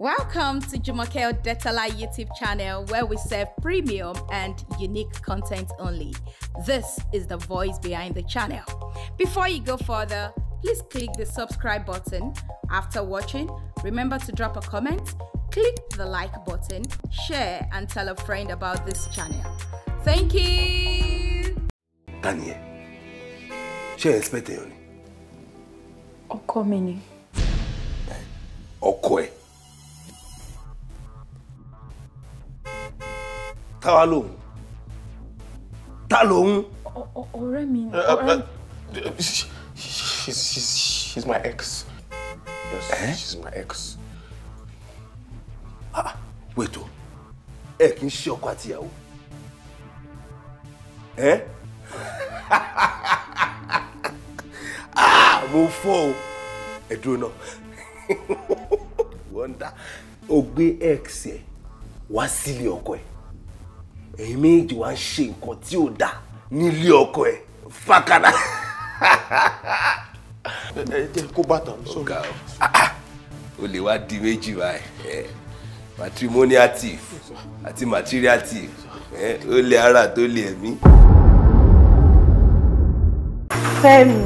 Welcome to Jumokeo Odetala YouTube channel where we serve premium and unique content only. This is the voice behind the channel. Before you go further, please click the subscribe button. After watching, remember to drop a comment, click the like button, share and tell a friend about this channel. Thank you! Tanya, ṣé expect ẹ yọ ni? Ọkọ táwa lòun ta lòun. ọ̀rẹ́ mi uh, uh, ọ̀rẹ́ mi. Uh, she's my ex. yes eh? she's my ex. ah wait o ẹ kì í ṣe ọkọ àti ìyàwó. Eh? ah mo fọ o ẹ dúró náà wọ́n dá o gbé ex ẹ wá sílé ọkọ ẹ ẹ̀yin méjì wá ń ṣe nǹkan tí ò dáa nílé ọkọ ẹ̀ fàkàdà. ẹ jẹ́ kó bàtà mi sórí. o lè wá di méjì báyìí matrimonial thief àti material thief O lè ara tó lè ẹ̀mí. Fẹ́mi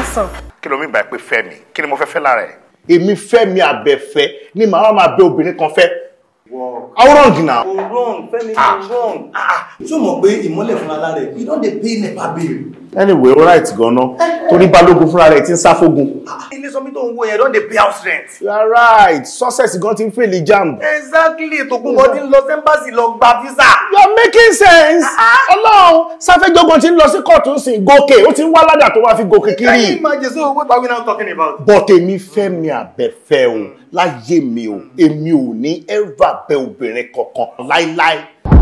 ọsàn. kí ló mi bá ẹ pé Fẹ́mi kí ni mo fẹ́ fẹ́ lára ẹ. èmi Fẹ́mi abẹ́fẹ́ ni màá máa bẹ obìnrin kan fẹ́ how wrong now. o wrong Fẹ́mi o ah. wrong. Ah. ṣé o mọ̀ pé ìmọ́lẹ̀ fúnra lára rẹ̀ we don dey pay nepa bill anyway ó right gan-an torí balógun fúnra rẹ̀ ti ń sáfógun. ilé sọmi tó ń wo yẹn don dey pay house rent. you are right success gan ti ń fèlè jam. exactly tòkun kan ti ń lọ sẹ́ńbàsì lọ gba visa. you are making sense. Ah, ah. ọlọ́run sáfẹ́jọ́gbọ̀n ti ń lọ sí kóòtù ń sìn gòkè ó ti ń wá ládàá tó wá fi gòkè kiri. can you imagine so what are we now talking about. but èmi fẹ́ mi àbẹ̀fẹ́ o láyé mi o èmi ò ní ever bẹ obìnrin kankan láíláí.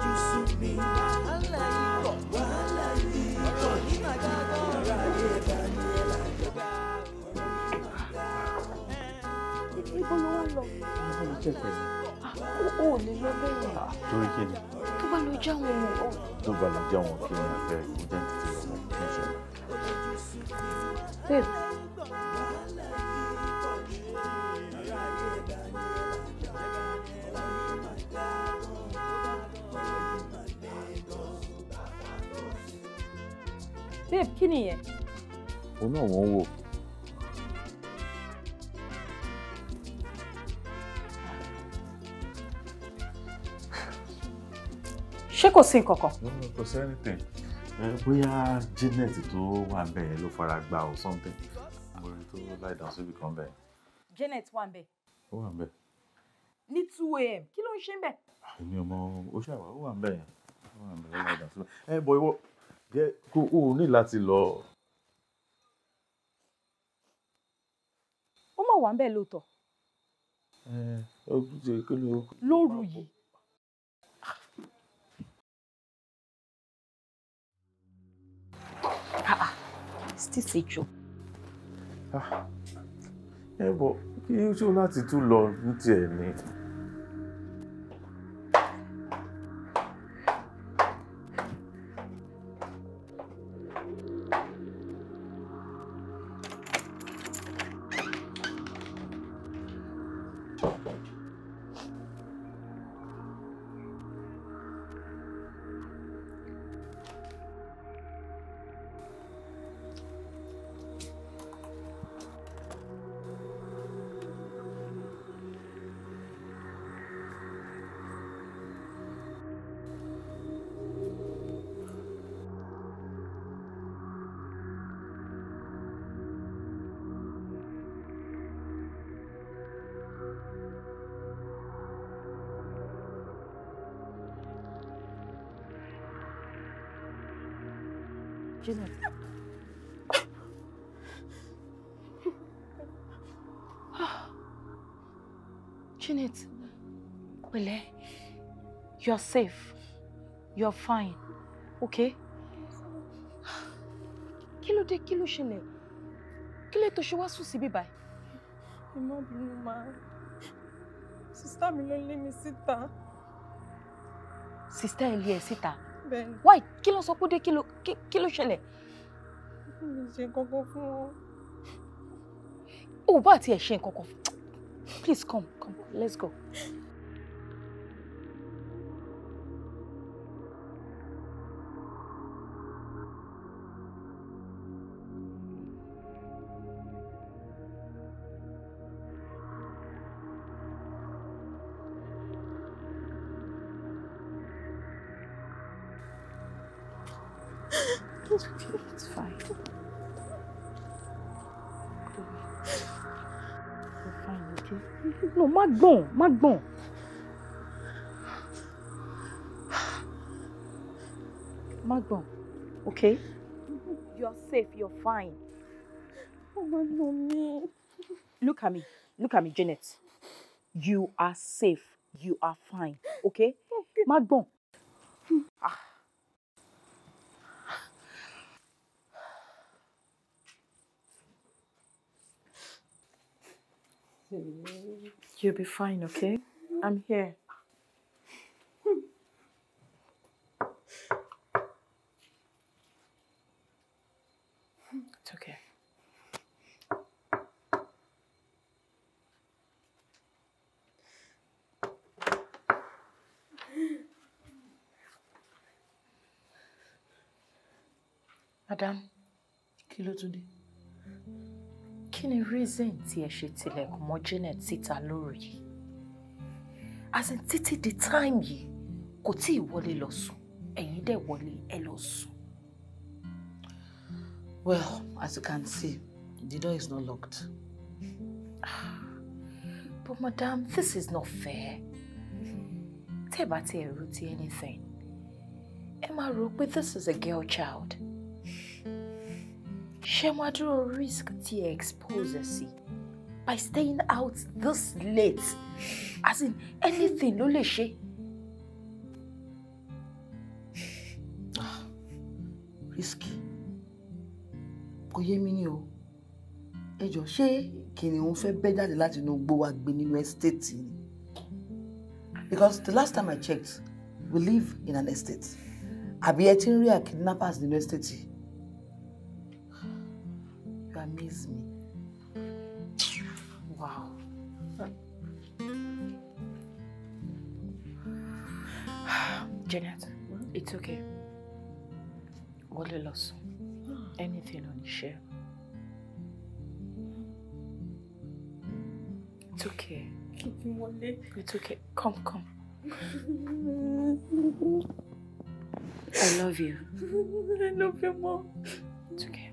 fojú sùn mí. wàhálà yìí pọ̀ wàhálà yìí pọ̀ nígbà tí wọ́n rà yé dání ẹ̀ lájọba. ibo ló wá lọ. ibo ló jẹ pẹ̀lú. o ò lè lọ bẹ́ẹ̀. torí kí ni. tó bá lọ já wọn o. tó bá lọ já wọn kí ni àfẹ́ ìdẹ́ntìtì ọmọ kí n ṣe. babe babe kí nìyẹn. òun náà wọ́n wò. ṣé kò sí nǹkan kò sí anything bóyá Janet tó wà ń bẹ̀ yẹn ló fara gbá o something mo rí tó láì dàn síbi kan bẹ̀. Janet wà ń bẹ̀. ó wà ń bẹ̀. ní two a.m. kí ló ń ṣe ń bẹ̀. èmi ò mọ ó ṣàwà ó wà ń bẹ̀ yẹn ó wà ń bẹ̀ ó láì dàn síbi. ẹ bọ ìwọ jẹ́ kó o ní láti lọ. ó mà wà ń bẹ̀ lóòótọ́. ẹ ẹ ojúṣe kí ló. lóru yìí. Ah, ah, still say jo. Ah, ẹ bọ̀ kí ṣó láti tún lọ ní tiẹ̀ ni. You're safe. You're fine. Okay? Kilo de kilo kí ló to Kí lè tó ṣe wá sùn síbí báyìí? Ẹ má bínú máa. Sìsítà mi ló lé mi síta. Sìsítà ẹ lé ẹ síta? Bẹ́ẹ̀ni. Wáì kí ló sọ pé Mi ṣe kankan fún O ò bá tiẹ̀ ṣe nǹkan kan. Please come, come, let's go. gbọ̀n má gbọ̀n. má gbọ̀n okay you're safe you're fine. ọmọ nù mí. look at me look at me Janet you are safe you are fine okay má gbọ̀n. Mm-hmm. You'll be fine, okay? I'm here. It's okay. Adam, kí ló kí ni reason tí ẹ ṣe tilẹ̀kùn mọ́ Janet síta lórí as in títí the time yìí kò tí ì wọlé lọ sùn ẹ̀yin dẹ̀ wọlé ẹ lọ sùn. well as you can see the door is not locked. but madam this is not fair. tẹ́ ẹ bá ti ẹ̀rù ti anything ẹ máa rò pé this is a girl child ṣé máa dúró risk tí ẹ expose ẹ by staying out this late as in anything ló lè ṣe. Ah, risky kò yé mi ní o ẹ jọ ṣé kìnìún fẹ́ bẹ́ jáde láti inú igbó wa nínú estate ni because the last time I checked we live in an estate àbí ẹ ti ń rí à kidnappers nínú estate yìí. amaze me. Wow. Janet, it's okay. Wally loss, anything on his share. It's okay. It's okay. Come, come. I love you. I love you, more. It's okay.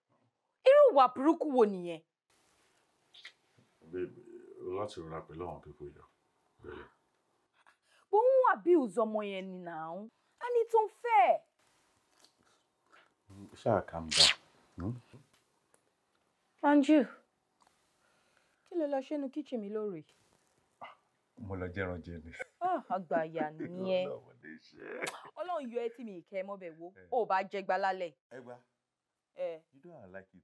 ìwà burúkú wo nìyẹn. babe láti rọra pẹ̀lú àwọn pípọ̀ yìí rẹ̀. bó ń wà bí ìzọmọ yẹn ni náà á ní tó ń fẹ́. ṣáà calm down. Hmm? Andrew kí ló lọ ṣẹ́nu kíchìn mi lórí. mo lọ jẹ́ran jẹ ni. Ah, àgbàyà nìyẹn ọlọ́run yọ ẹ́ tí mi ì kẹ́ ẹ mọ́bẹ̀ wo ò eh. bá jẹ́ gbalálẹ̀. ẹ gbà you know I like it.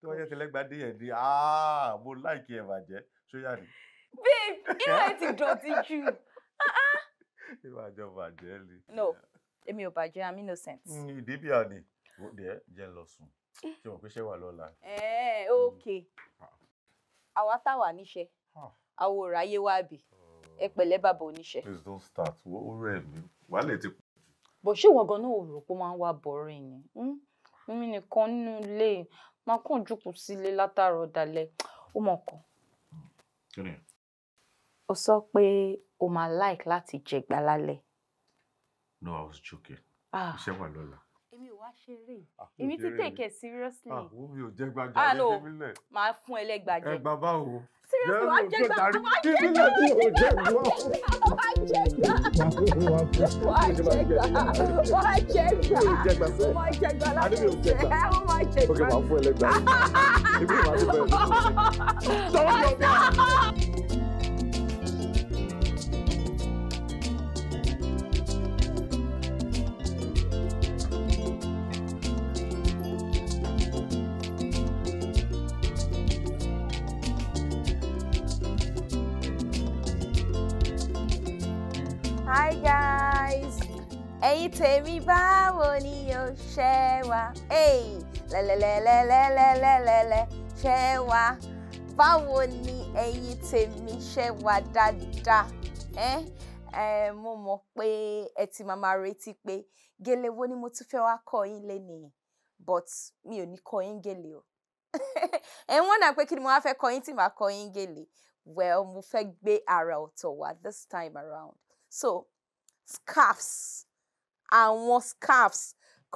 tó wáyé tẹlẹgba dé yẹn dé ah, mo like ẹ bàjẹ́ sóyà ni. babe irú ẹ ti dọ̀tí jù. irú àjọ bàjẹ́ ni. no èmi ò bàjẹ́ i'm innocent. Mm, ìdíbíà ni dẹ́ jẹ́ lọ sùn ṣé mo pé ṣé wà lọ́la. ẹ̀ẹ́ ok mm. àwa táwa níṣẹ́ ah. àwòrán ayé wa bì ẹ oh. pẹ̀lẹ́ bàbá oníṣẹ́. please don't start ó rẹ̀ mí wàá lè ti pọ̀ jù. bó ṣé wọn ganan ò rò pé wọn á wá bọ̀rọ̀ yẹn èmi nìkan nínú ilé máa kàn jókòó sílé látàárọ̀ dalẹ́ ó mọ̀ kàn. o sọ pé o máa like láti jẹ̀gbá lálẹ́. no i was joking. Ah. iṣẹ́ wà lọ́la wá ṣeré ah, èmi ti take it seriously. àwọn ah, mi ò jẹ́ gbàgbà ẹgbẹ́ mílẹ̀. máa fún ẹ lẹ́gbàjẹ́. ẹgbà báwo. seriously wàá jẹ gbà wàá jẹ gbà wàá jẹ gbà wàá jẹ gbà wàá jẹ gbà wàá jẹ gbà wàá jẹ gbà láti jẹ ẹ ó máa jẹ gbà. ok wàá fún ẹ lẹ́gbàjẹ́. èmi ò máa ti bẹ̀rẹ̀. tèmi báwo ni o ṣe wà lẹ́lẹ́lẹ́lẹ́lẹ́lẹ́lẹ́lẹ́ ṣe wà báwo ni ẹ̀yin tèmi ṣe wà dáadáa ẹ mo mọ̀ pé ẹ ti máa máa retí pé gèlè wo ni mo tún fẹ́ wá kọ́ yín lénìí but mi ò ní kọ́ yín gèlè o ẹ ń wọ́n náà pé kí ni mo wá fẹ́ kọ́ yín tí màá kọ́ yín gèlè well mo fẹ́ gbé àrà ọ̀tọ̀ wá this time around so scarves àwọn scarves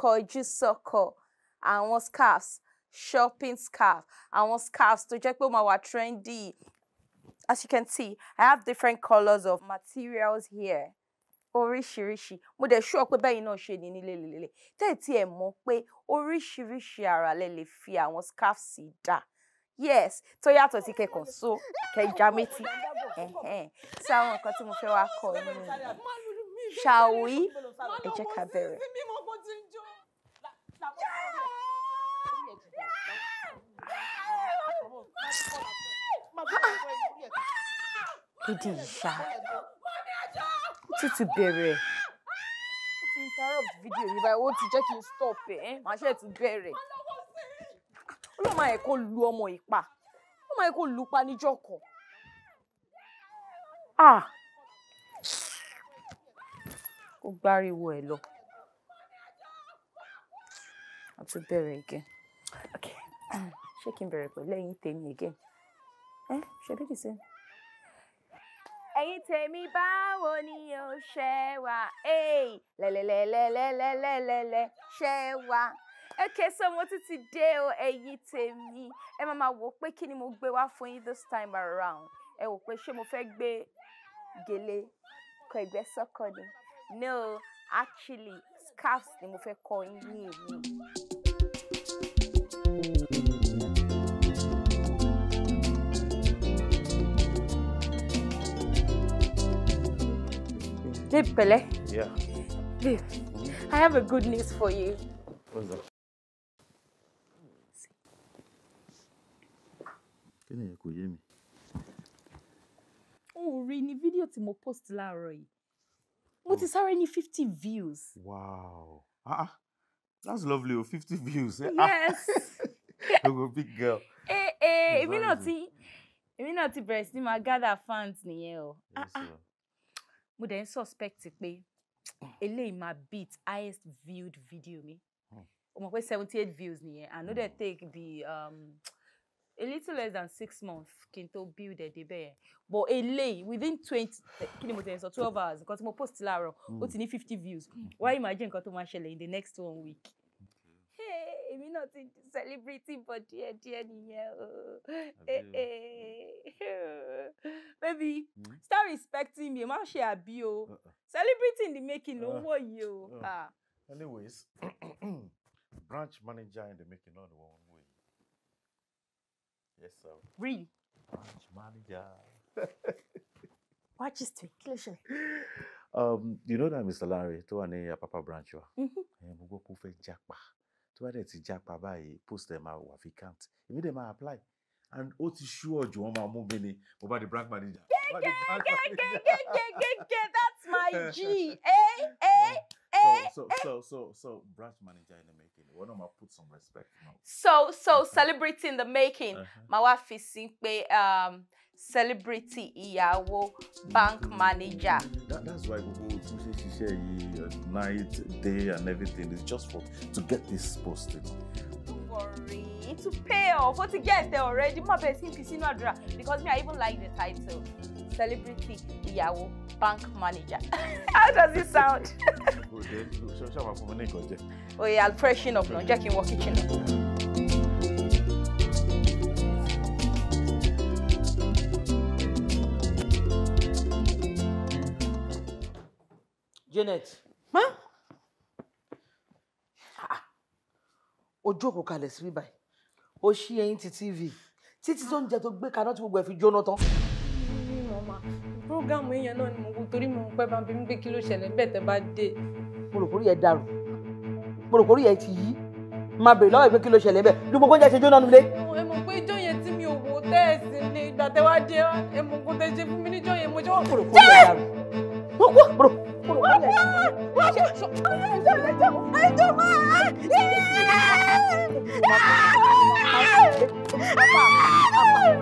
kọjú sọ́kọ àwọn scarves shopping scarf àwọn scarves tó jẹ́ pé ó máa wà trendy as you can see I have different colours of materials here oríṣiríṣi mo dẹ̀ ṣúọ̀ pé bẹ́yìn náà ṣe ní nílé lélẹ̀ tẹ́ẹ̀tì ẹ̀ mọ̀ pé oríṣiríṣi ara lẹ lè fi àwọn scarves dà yes tó yàtọ̀ sí kẹkàn so kẹjá méjì ẹ̀hẹ́n sí àwọn nǹkan tí mo fẹ́ wá kọ́ nínú. Shall we? Ẹ jẹ́ ká bẹ̀rẹ̀. Ìdí ìṣá. Títí bẹ̀rẹ̀. Ó ti interrupt fídíò yìí báyìí, ó ti jẹ́ kí n stop ẹ̀. Màá ṣe ti bẹ̀rẹ̀. Ọlọ́run máa yẹ kó lu ọmọ ìpa. Ó máa yẹ lu pa níjọ́ kan. Ah! kó gbáriwo ẹ̀ lọ. a tún bẹ̀rẹ̀ again. okay ṣé kí n bẹ̀rẹ̀ pẹ̀lú ẹ̀yin tèmi again? ẹ ṣe bí kì í sẹ́yìn. ẹ̀yin tèmi báwo ni o ṣe wà? lẹ́lẹ́lẹ́lẹ́lẹ́lẹ́lẹ́lẹ́ ṣe wà okay so mo tún ti dé o ẹ̀yin tèmi ẹ máa máa wò pé kí ni mo gbé wá fún yín this time around ẹ wò pé ṣé mo fẹ́ gbé gèlè kọ ẹ̀gbẹ́ sọ́kọ ni no actually scarves ni mo fẹ́ kọ́ yín ní èmi. Babe Pele. Yeah. Babe, I have a good news for you. What's that? Kí ni kò yé mi? O rí ní fídíò tí mo post láàárọ̀ yìí mo ti sáré ní fifty views. wow ah, ah. that's lovely o oh, fifty views. Eh? Ah. Yes, yes a oh, big girl. Eh, eh, èmi náà ti èmi náà ti bẹ̀rẹ̀ sí máa gather fans nìyẹn o ah ah mo dẹ̀ ń suspect pé eléyìí máa beat highest viewed video me. Hmm. o mọ̀ pé seventy views nìyẹn I know they hmm. take the. Um, a little less than six months kí n build a débẹ̀ yẹn but eléyìí within twenty kini mo ten so twelve hours nǹkan tí mo post láàárọ̀ ó ti ní fifty views why imagine nǹkan tó máa ṣẹlẹ̀ in the next one week èmi náà ti celebrity bọ̀ díẹ̀ díẹ̀ nìyẹn o baby hmm? start respecting me má ṣe àbí o uh-uh. celebrity the making ló ń uh-uh. wò yìí o. Uh-uh. Ah. anyways branch manager in the making No ni wọ́n Yes, sir. Read. Branch manager. Watch this, to English? Um, you know that Mr. Larry to wà ní Papa branch wa. Mm-hmm. Mo gbọ́ kó fẹ́ jápa. To bá dẹ̀ ti jápa báyìí, post ẹ̀ máa wà vacant. If they máa apply. And ó ti ṣú ọ̀jọ̀ wọn máa mú mi ni. Mo bá di branch manager. Gẹ́gẹ́ gẹ́gẹ́ gẹ́gẹ́ gẹ́gẹ́ that's my G. Eh, eh. eh. Eh, eh. so, so, so, so, so, branch manager in the making. Why don't I put some respect? No. So, so uh-huh. celebrity in the making. Uh-huh. My wife is sí um celebrity ìyàwó bank manager. That, that's why we tún ṣe ṣiṣẹ́ uh, night, day and everything It's just for to get this posted. Don't worry, to pay off. What you get there already? My best sí fi sínú because me I even like the title celebrity ìyàwó bank manager how does it sound. ṣé ṣé àwọn oye i'll freshen up now. jẹ́ kí n wọ kitchen. Janet. Ma? Ah, ojú òkú kalẹ̀ sí bíbáyìí ó ṣí ẹyin ti tv títí tó ń jẹ tó gbé kaná tí gbogbo ẹ̀ fi jóná tán mà prógámù yẹn náà ni mo wo torí mo ń pẹ́ bá ń bí mi pé kí ló ṣẹlẹ̀ bẹ́ẹ̀ tẹ́ bá dé. mo rò kórìí ẹ dàrú mo rò kórìí ẹ ti yí máa bèrè lọ́wọ́ ẹ pé kí ló ṣẹlẹ̀ bẹ́ẹ̀ dùn gbogbo oúnjẹ ṣe jóná nulẹ̀. ẹ mọ̀ pé ijó yẹn tí mi ò wò tẹ́ ẹ̀ sí ni ìgbà tẹ́ wá dé ẹ mọ̀ kó tẹ́ ṣe fún mi níjọ́ yẹn mo jẹ́ wọ́n. mo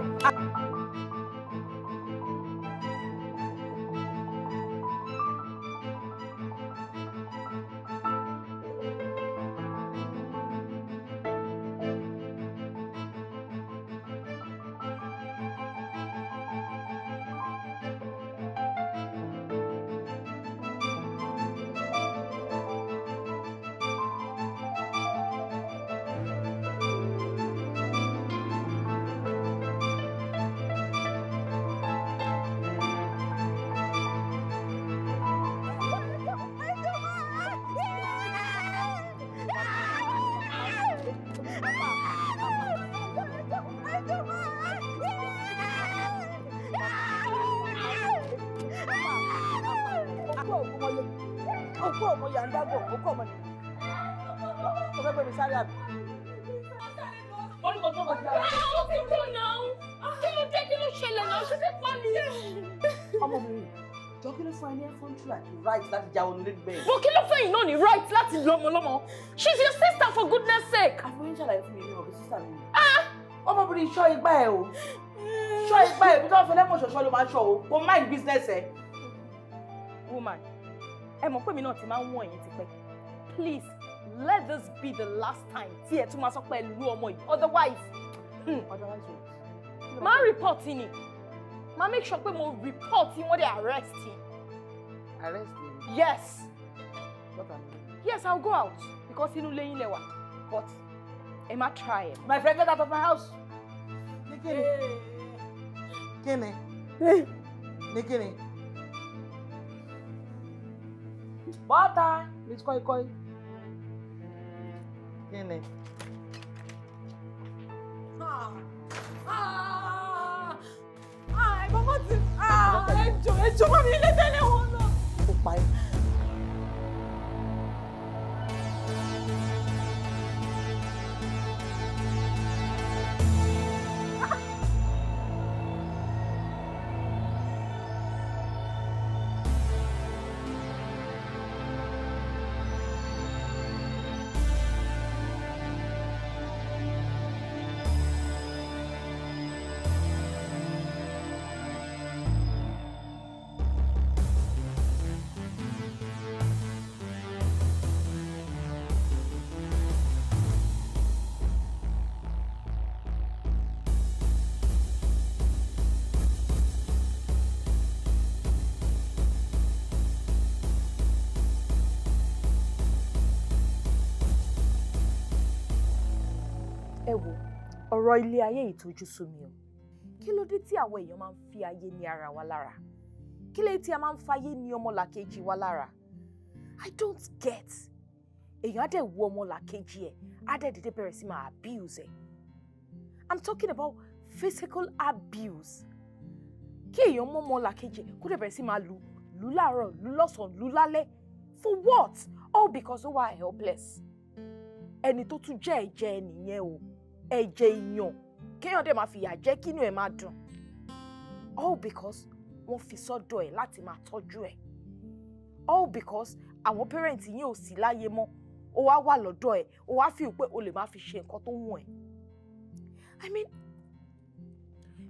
nígbẹ̀yìn. bó kí ló fẹ́ yìí náà right láti lomo lomo. she's your sister for goodness sake. àfihàn ṣàlàyé fún mi ní ọ̀gbìn sísà mi. Ah! ọmọbìnrin ṣọ́ igbá ẹ̀ o ṣọ́ igbá ẹ̀ bí tó fẹ́ lẹ́kọ̀ọ́ ṣọ̀ṣọ́ ló máa ṣọ́ o kò mind business ẹ̀. woman ẹ mọ̀ pé mi náà ti máa ń wọ̀n yín tipẹ́ please let this be the last time tí ẹ tún máa sọ pé ẹ lu Otherwise, hmm. otherwise. otherwise what? máa report ni máa make sure pé mo report yín wọ́n dẹ̀ arrest yín. arrest yín. Yes. What I mean? Yes, I'll go out because inú lẹ́yìn lẹ wà. But ẹ má try it. My friend, get out of my house. Ní kíni? Kíni? Ní kíni? Miss Koi Koi. Kíni? Ah! Ah! Ah! ah Mama ti ah! Ẹjọ́ ẹjọ́ mami lé tẹ́lẹ̀ wọn lọ. Ó pa ẹ́. ọ̀rọ̀ ilé ayé ìtọ́jú sú mi o kí ló dé tí àwọn èèyàn máa ń fi ayé ní ara wa lára kí lè tí a máa ń fayé ní ọmọlàkejì wa lára I don't get èèyàn á dẹ̀ wo ọmọlàkejì ẹ̀ á dẹ̀ dédé bẹ̀rẹ̀ sí máa abuse ẹ̀ I'm talking about physical abuse kí èèyàn mọ́ ọmọlàkejì kó dẹ̀ bẹ̀rẹ̀ sí máa lù lù láàárọ̀ lù lọ́sàn-án lù lálẹ́ for what all because ó wà helpless ẹni tó tún jẹ́ ẹ̀jẹ̀ nìyẹn o ẹ̀jẹ̀ èèyàn kéèyàn dẹ̀ máa fìyà jẹ kínú ẹ̀ máa dùn all because wọ́n fi sọ́dọ̀ ẹ̀ láti máa tọ́jú ẹ̀ all because àwọn parent yín ò sí láyé mọ́ ó wá wà lọ́dọ̀ ẹ̀ ó wá fi pé o lè máa fi ṣe nǹkan tó wù ẹ́ i mean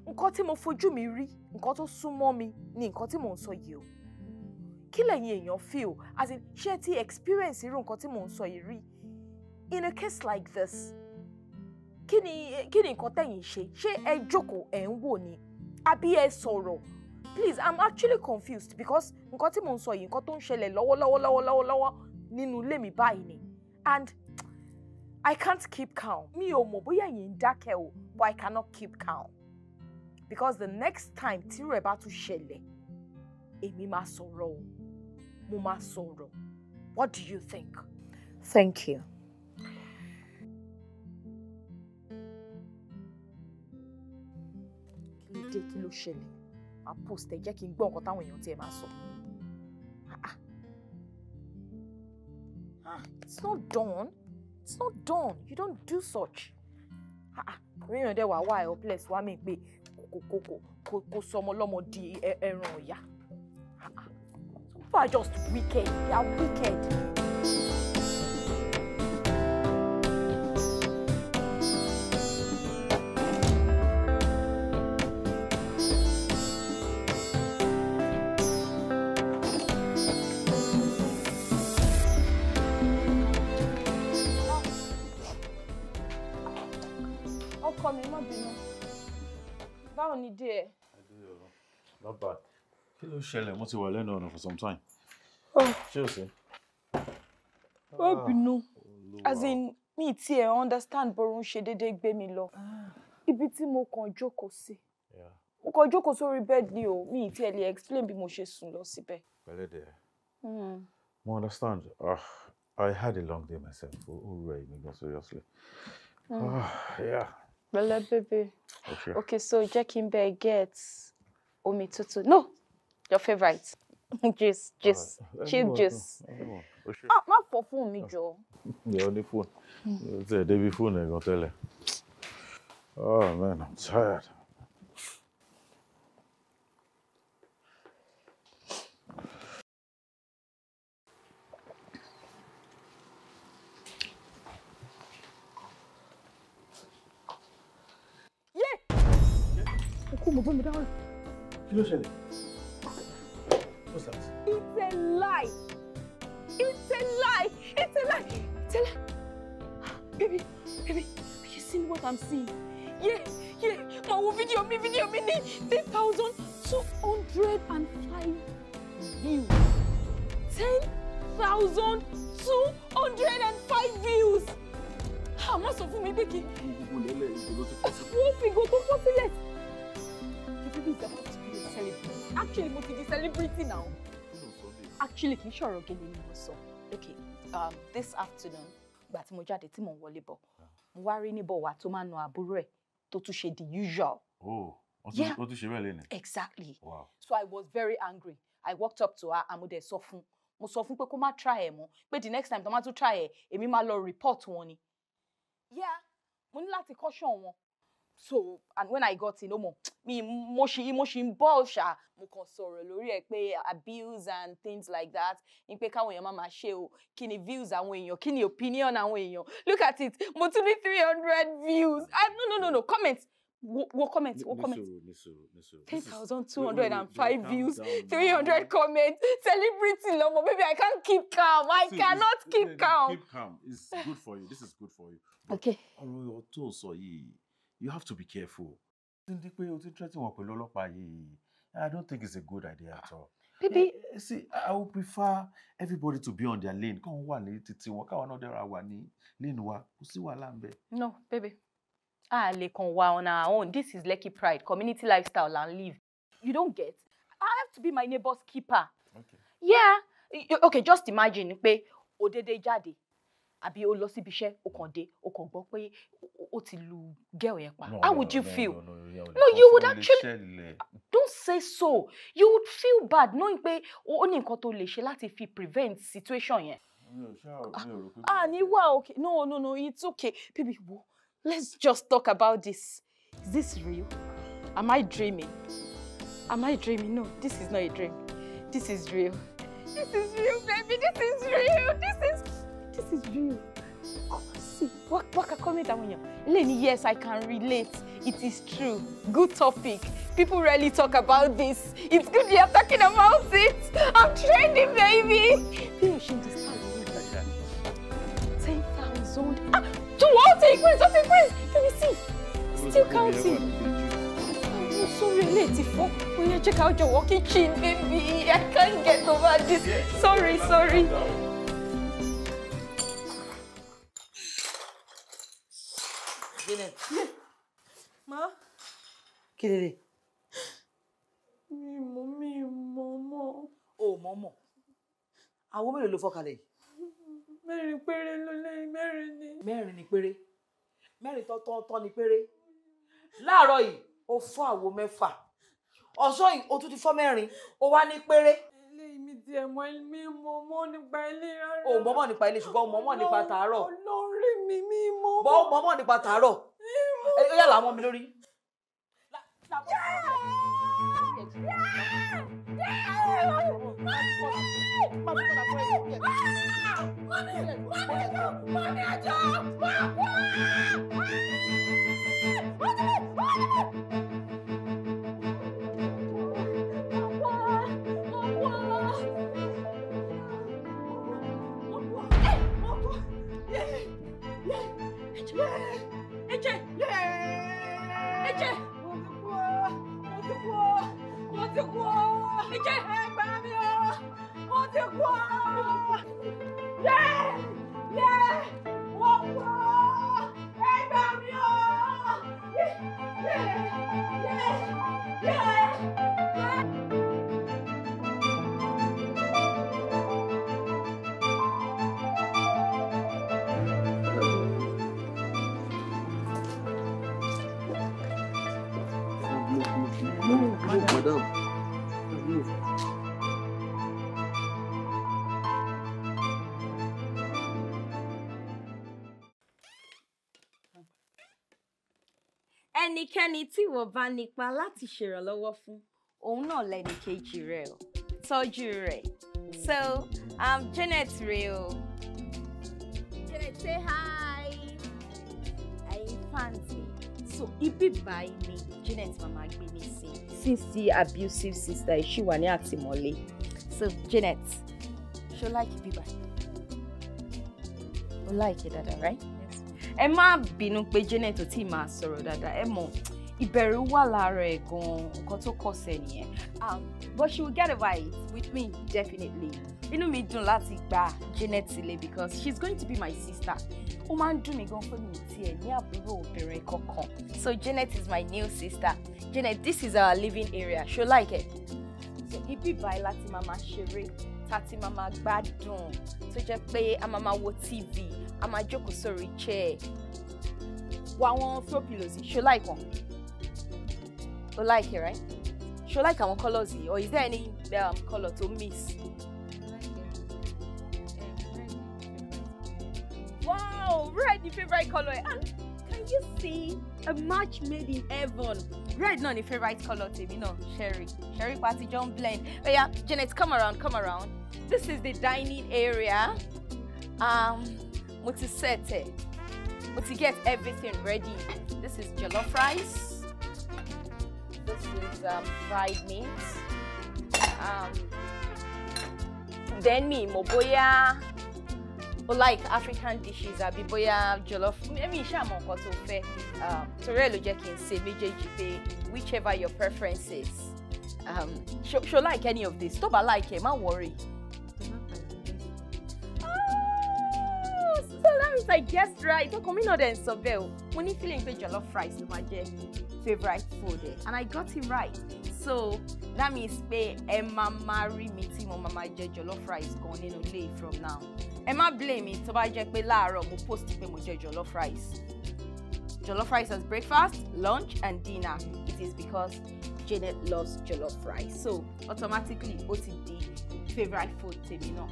nǹkan tí mo fojú mi rí nǹkan tó súnmọ́ mi ni nǹkan tí mò ń sọ yìí o kí lẹ̀yin èèyàn fi o àti ṣé ti experience irú nǹkan tí mò ń sọ yìí rí in a case like this kí ni kí ni nǹkan tẹ̀yin ṣe ṣé ẹ jókòó ẹ̀ ń wò ni àbí ẹ sọ̀rọ̀ please i'm actually confused because nǹkan tí mò ń sọ yìí nǹkan tó ń ṣẹlẹ̀ lọ́wọ́lọ́wọ́ lọ́wọ́lọ́wọ́ nínú ilé mi báyìí ni and i can't keep calm mi ò mọ̀ bóyá yìí ń dákẹ́ o but i cannot keep calm because the next time tí rẹ̀ bá tún ṣẹlẹ̀ èmi máa sọ̀rọ̀ o mo máa sọ̀rọ̀ what do you think. thank you. dé kí ló ṣẹlẹ̀ máa post ẹ jẹ́ kí n gbọ́ nǹkan táwọn èèyàn tiẹ̀ máa sọ. Ah, ah. Ah. it's not done it's not done you don't do such. ríran dẹ́ wàá wá ẹ̀ ọ́pẹ́lẹ̀sì wá mi pé kò kò sọmọ lọ́mọ di ẹran ọ̀yà. people are just wicked they are wicked. ṣẹlẹ̀ mo ti wà lẹ́nu ọ̀nà for some time. Ah. ṣé o ṣe. ó ah, as in mi ti ẹ̀ understand borun ṣe déédéé gbé mi lọ ah. ibi tí mo kàn jókòó sí mo kàn jókòó sórí bẹ́ẹ̀dì ni o mi ti ẹ̀ lè explain bí mo ṣe sùn lọ síbẹ̀. pẹ̀lẹ́ hmm. mo understand uh, I had a long day myself ó rẹ̀ mí gan seriously. Mm. Uh, yeah. Bella baby. Okay. okay, so Jackie Bear gets omi tútù. No, your favorite juice ah, juice eh, chill eh, juice eh, ah má fọ fóònù mi jọ. yẹ ọ ní fóònù yóò tẹ débi fóònù ẹ gan tẹ́lẹ̀ oh man i'm tired. Yeah. Kú mo bọ́ mi dáhùn. Kí ló ṣẹlẹ̀? What's that? It's a lie. It's a lie. It's a lie. It's a lie. Baby, baby, are you seeing what I'm seeing? Yeah, yeah. My whole video, me video, me 10,205 views. 10,205 views. Ah, má sọ fún mi pé kí. Gbogbo lẹ́lẹ̀ ìgbòho ti fọ́ sílẹ̀. Wọ́n fi gbogbo fọ́ sílẹ̀. Everything is about to be a celebration actually mo ti di celebrity now. actually kì í ṣọ̀rọ̀ gẹ́lẹ́ ni mo sọ okay um, this afternoon ìgbà tí mo jáde tí mò ń wọlé bọ̀ ah. mo wá rí níbọ̀ wá tó máa na àbúrò ẹ̀ tó tún ṣe the usual. oh ó tún ṣe bẹ́ẹ̀ lẹ́nu. exactly wow. so i was very angry i walked up to her and mo dẹ̀ sọ fún mo sọ fún pé kó má try ẹ̀ mọ́ pé the next time tó má tún try ẹ̀ èmi máa lọ report wọn ni. yeah mo ní láti caution wọn so and when i got in omo mi mo ṣe mo ṣe ń bọ̀ ṣá mo kàn sọ̀rọ̀ lórí ẹ̀ pé abuse and things like that ni pé káwọn èèyàn má máa ṣe o kí ni views àwọn èèyàn kí ni opinion àwọn èèyàn look at it mo tún ní three hundred views ah no no no no comment wo, wo comment wo comment ten thousand two hundred and five views three hundred comments celebrity lọmọ baby i can't keep calm i See, cannot keep eh, calm. keep calm it's good for you this is good for you. But okay. ọ̀rọ̀ tó sọ yìí you have to be careful. ti pé o ti tẹ́tí wọn pẹ̀lú ọlọ́pàá yìí I don't think it's a good idea at all. Bibi. Eh, eh, see, I would prefer everybody to be on their lane. Káwọn wà ní títí wọn, káwọn náà dẹ́ra wà ní lane wa, kò sí wàhálà ń bẹ. No, baby. A lè kàn wá on our own. This is Lekki pride, community lifestyle and live. You don't get? I have to be my neighbor's keeper. Okay. Yeah. Okay, just imagine pé òdèdè jáde àbí o lọ síbi iṣẹ́ o kàn dé o kàn gbọ́ pé o ti lu girl yẹn pa how would you feel no you would actually don't say so you would feel bad knowing pé o ní nǹkan tó lè ṣe láti fi prevent situation yẹn. ah ni wa okay no no no it's okay baby wo let's just talk about this is this real am I dreaming am I dreaming no this is not a dream this is real this is real baby this is real this is this is real wákà kọ́mẹ̀tì àwọn èèyàn lè ní yes i can relate it is true good topic people rarely talk about this it's good you are talking about it i'm trending baby bí o ṣe ń describe me ten ah to all to increase all to increase let me see still counting i'm so related for oye check out your walking chin baby i can't get over this sorry sorry. Gelin. Ma. Kí lélẹ̀? Mi mọ̀ mi mọ̀ mọ̀. O mọ̀ mọ̀. Àwo mélòó ló fọ́kalẹ̀ yìí? Mẹ́rin péré ló lẹ́yìn mẹ́rin ni. Mẹ́rin ni péré. Mẹ́rin tọ́tọ́tọ́ ni pere. Láàárọ̀ yìí, o fọ́ àwo mẹ́fà. Ọ̀sán yìí, o tún ti fọ́ mẹ́rin. O wá ní péré ilé mi di ẹ̀mọ́ mi mọ mọ́ nípa ilé rárá. o mọ mọ nípa ilé ṣùgbọ́n mọ mọ nípa tàárọ̀. olórí mi mi mọ mọ. bọ́ mọ mọ nípa tàárọ̀. ó yà láwọn mi lórí. Mami ẹjọ́! Mami ẹjọ́! ẹnikẹ́ni tí ìwọ bá nípa láti ṣèrànlọ́wọ́ fún òun náà lẹ́ni kejì rẹ̀ o tọ́jú rẹ̀ so I'm Janet rẹ̀ o. Janet say hi ẹ̀yin fáǹtì so ibi báyìí ni Janet mama gbé mi sí. since the abusive sister ṣì wà ní àtìmọ́lé. so Janet ṣó láìkí bíbá ó láìkí dáadáa right. ẹ má bínú pé Janet ò tí ì máa sọ̀rọ̀ dáadáa ẹ mọ̀ ìbẹ̀rù wà lára ẹ̀ gan-an nǹkan tó kọ̀ sẹ̀ nìyẹn um, but she will get over it with me definitely inú mi dùn láti gba Janet sílẹ̀ because she is going to be my sister ó máa ń dùn mí gan fún mi tiẹ̀ ní àbúrò obìnrin kankan so Janet is my new sister Janet this is our living area she like it so ibi báyìí láti máa máa ṣeré tàti máa máa gbádùn tó jẹ́ pé a máa máa wo TV a máa jókòó sórí chair wọ àwọn throw pillows ṣe láìpọ́n. Like You like it right ṣo like our colors, yìí or is there any um, colour to miss. wow red ni favorite color. and can you see a match made in heaven red náà favorite color, colour You know, sherry sherry party john blend oya oh, yeah. janet come around come around this is the dining area um, mo ti set ẹ mo get everything ready this is jollof rice this is um, fried meat um, then me, mọ̀ or like african dishes àbí bóyá jollof èmi iṣẹ́ àmọ́ nǹkan tó fẹ́ um, torí ẹ̀ ló jẹ́ kí n whichever your preference is um, ṣo like any of this tó like ẹ̀ má worry. so that means i guess, right ọkàn mi náà dẹ̀ ń sọ bẹ́ẹ̀ o mo ní feeling pé jollof rice ló máa jẹ́ favourite food eh? and i got it right so that means pé ẹ máa máa rí mi tí mo máa máa jẹ jollof rice gan nínú ilé from now ẹ má blame mi tó bá jẹ́ pé láàárọ̀ mo post pé mo jẹ jollof rice jollof rice as breakfast lunch and dinner it is because Janet loves jollof rice so automatically O ti di Favorite food tèmi náà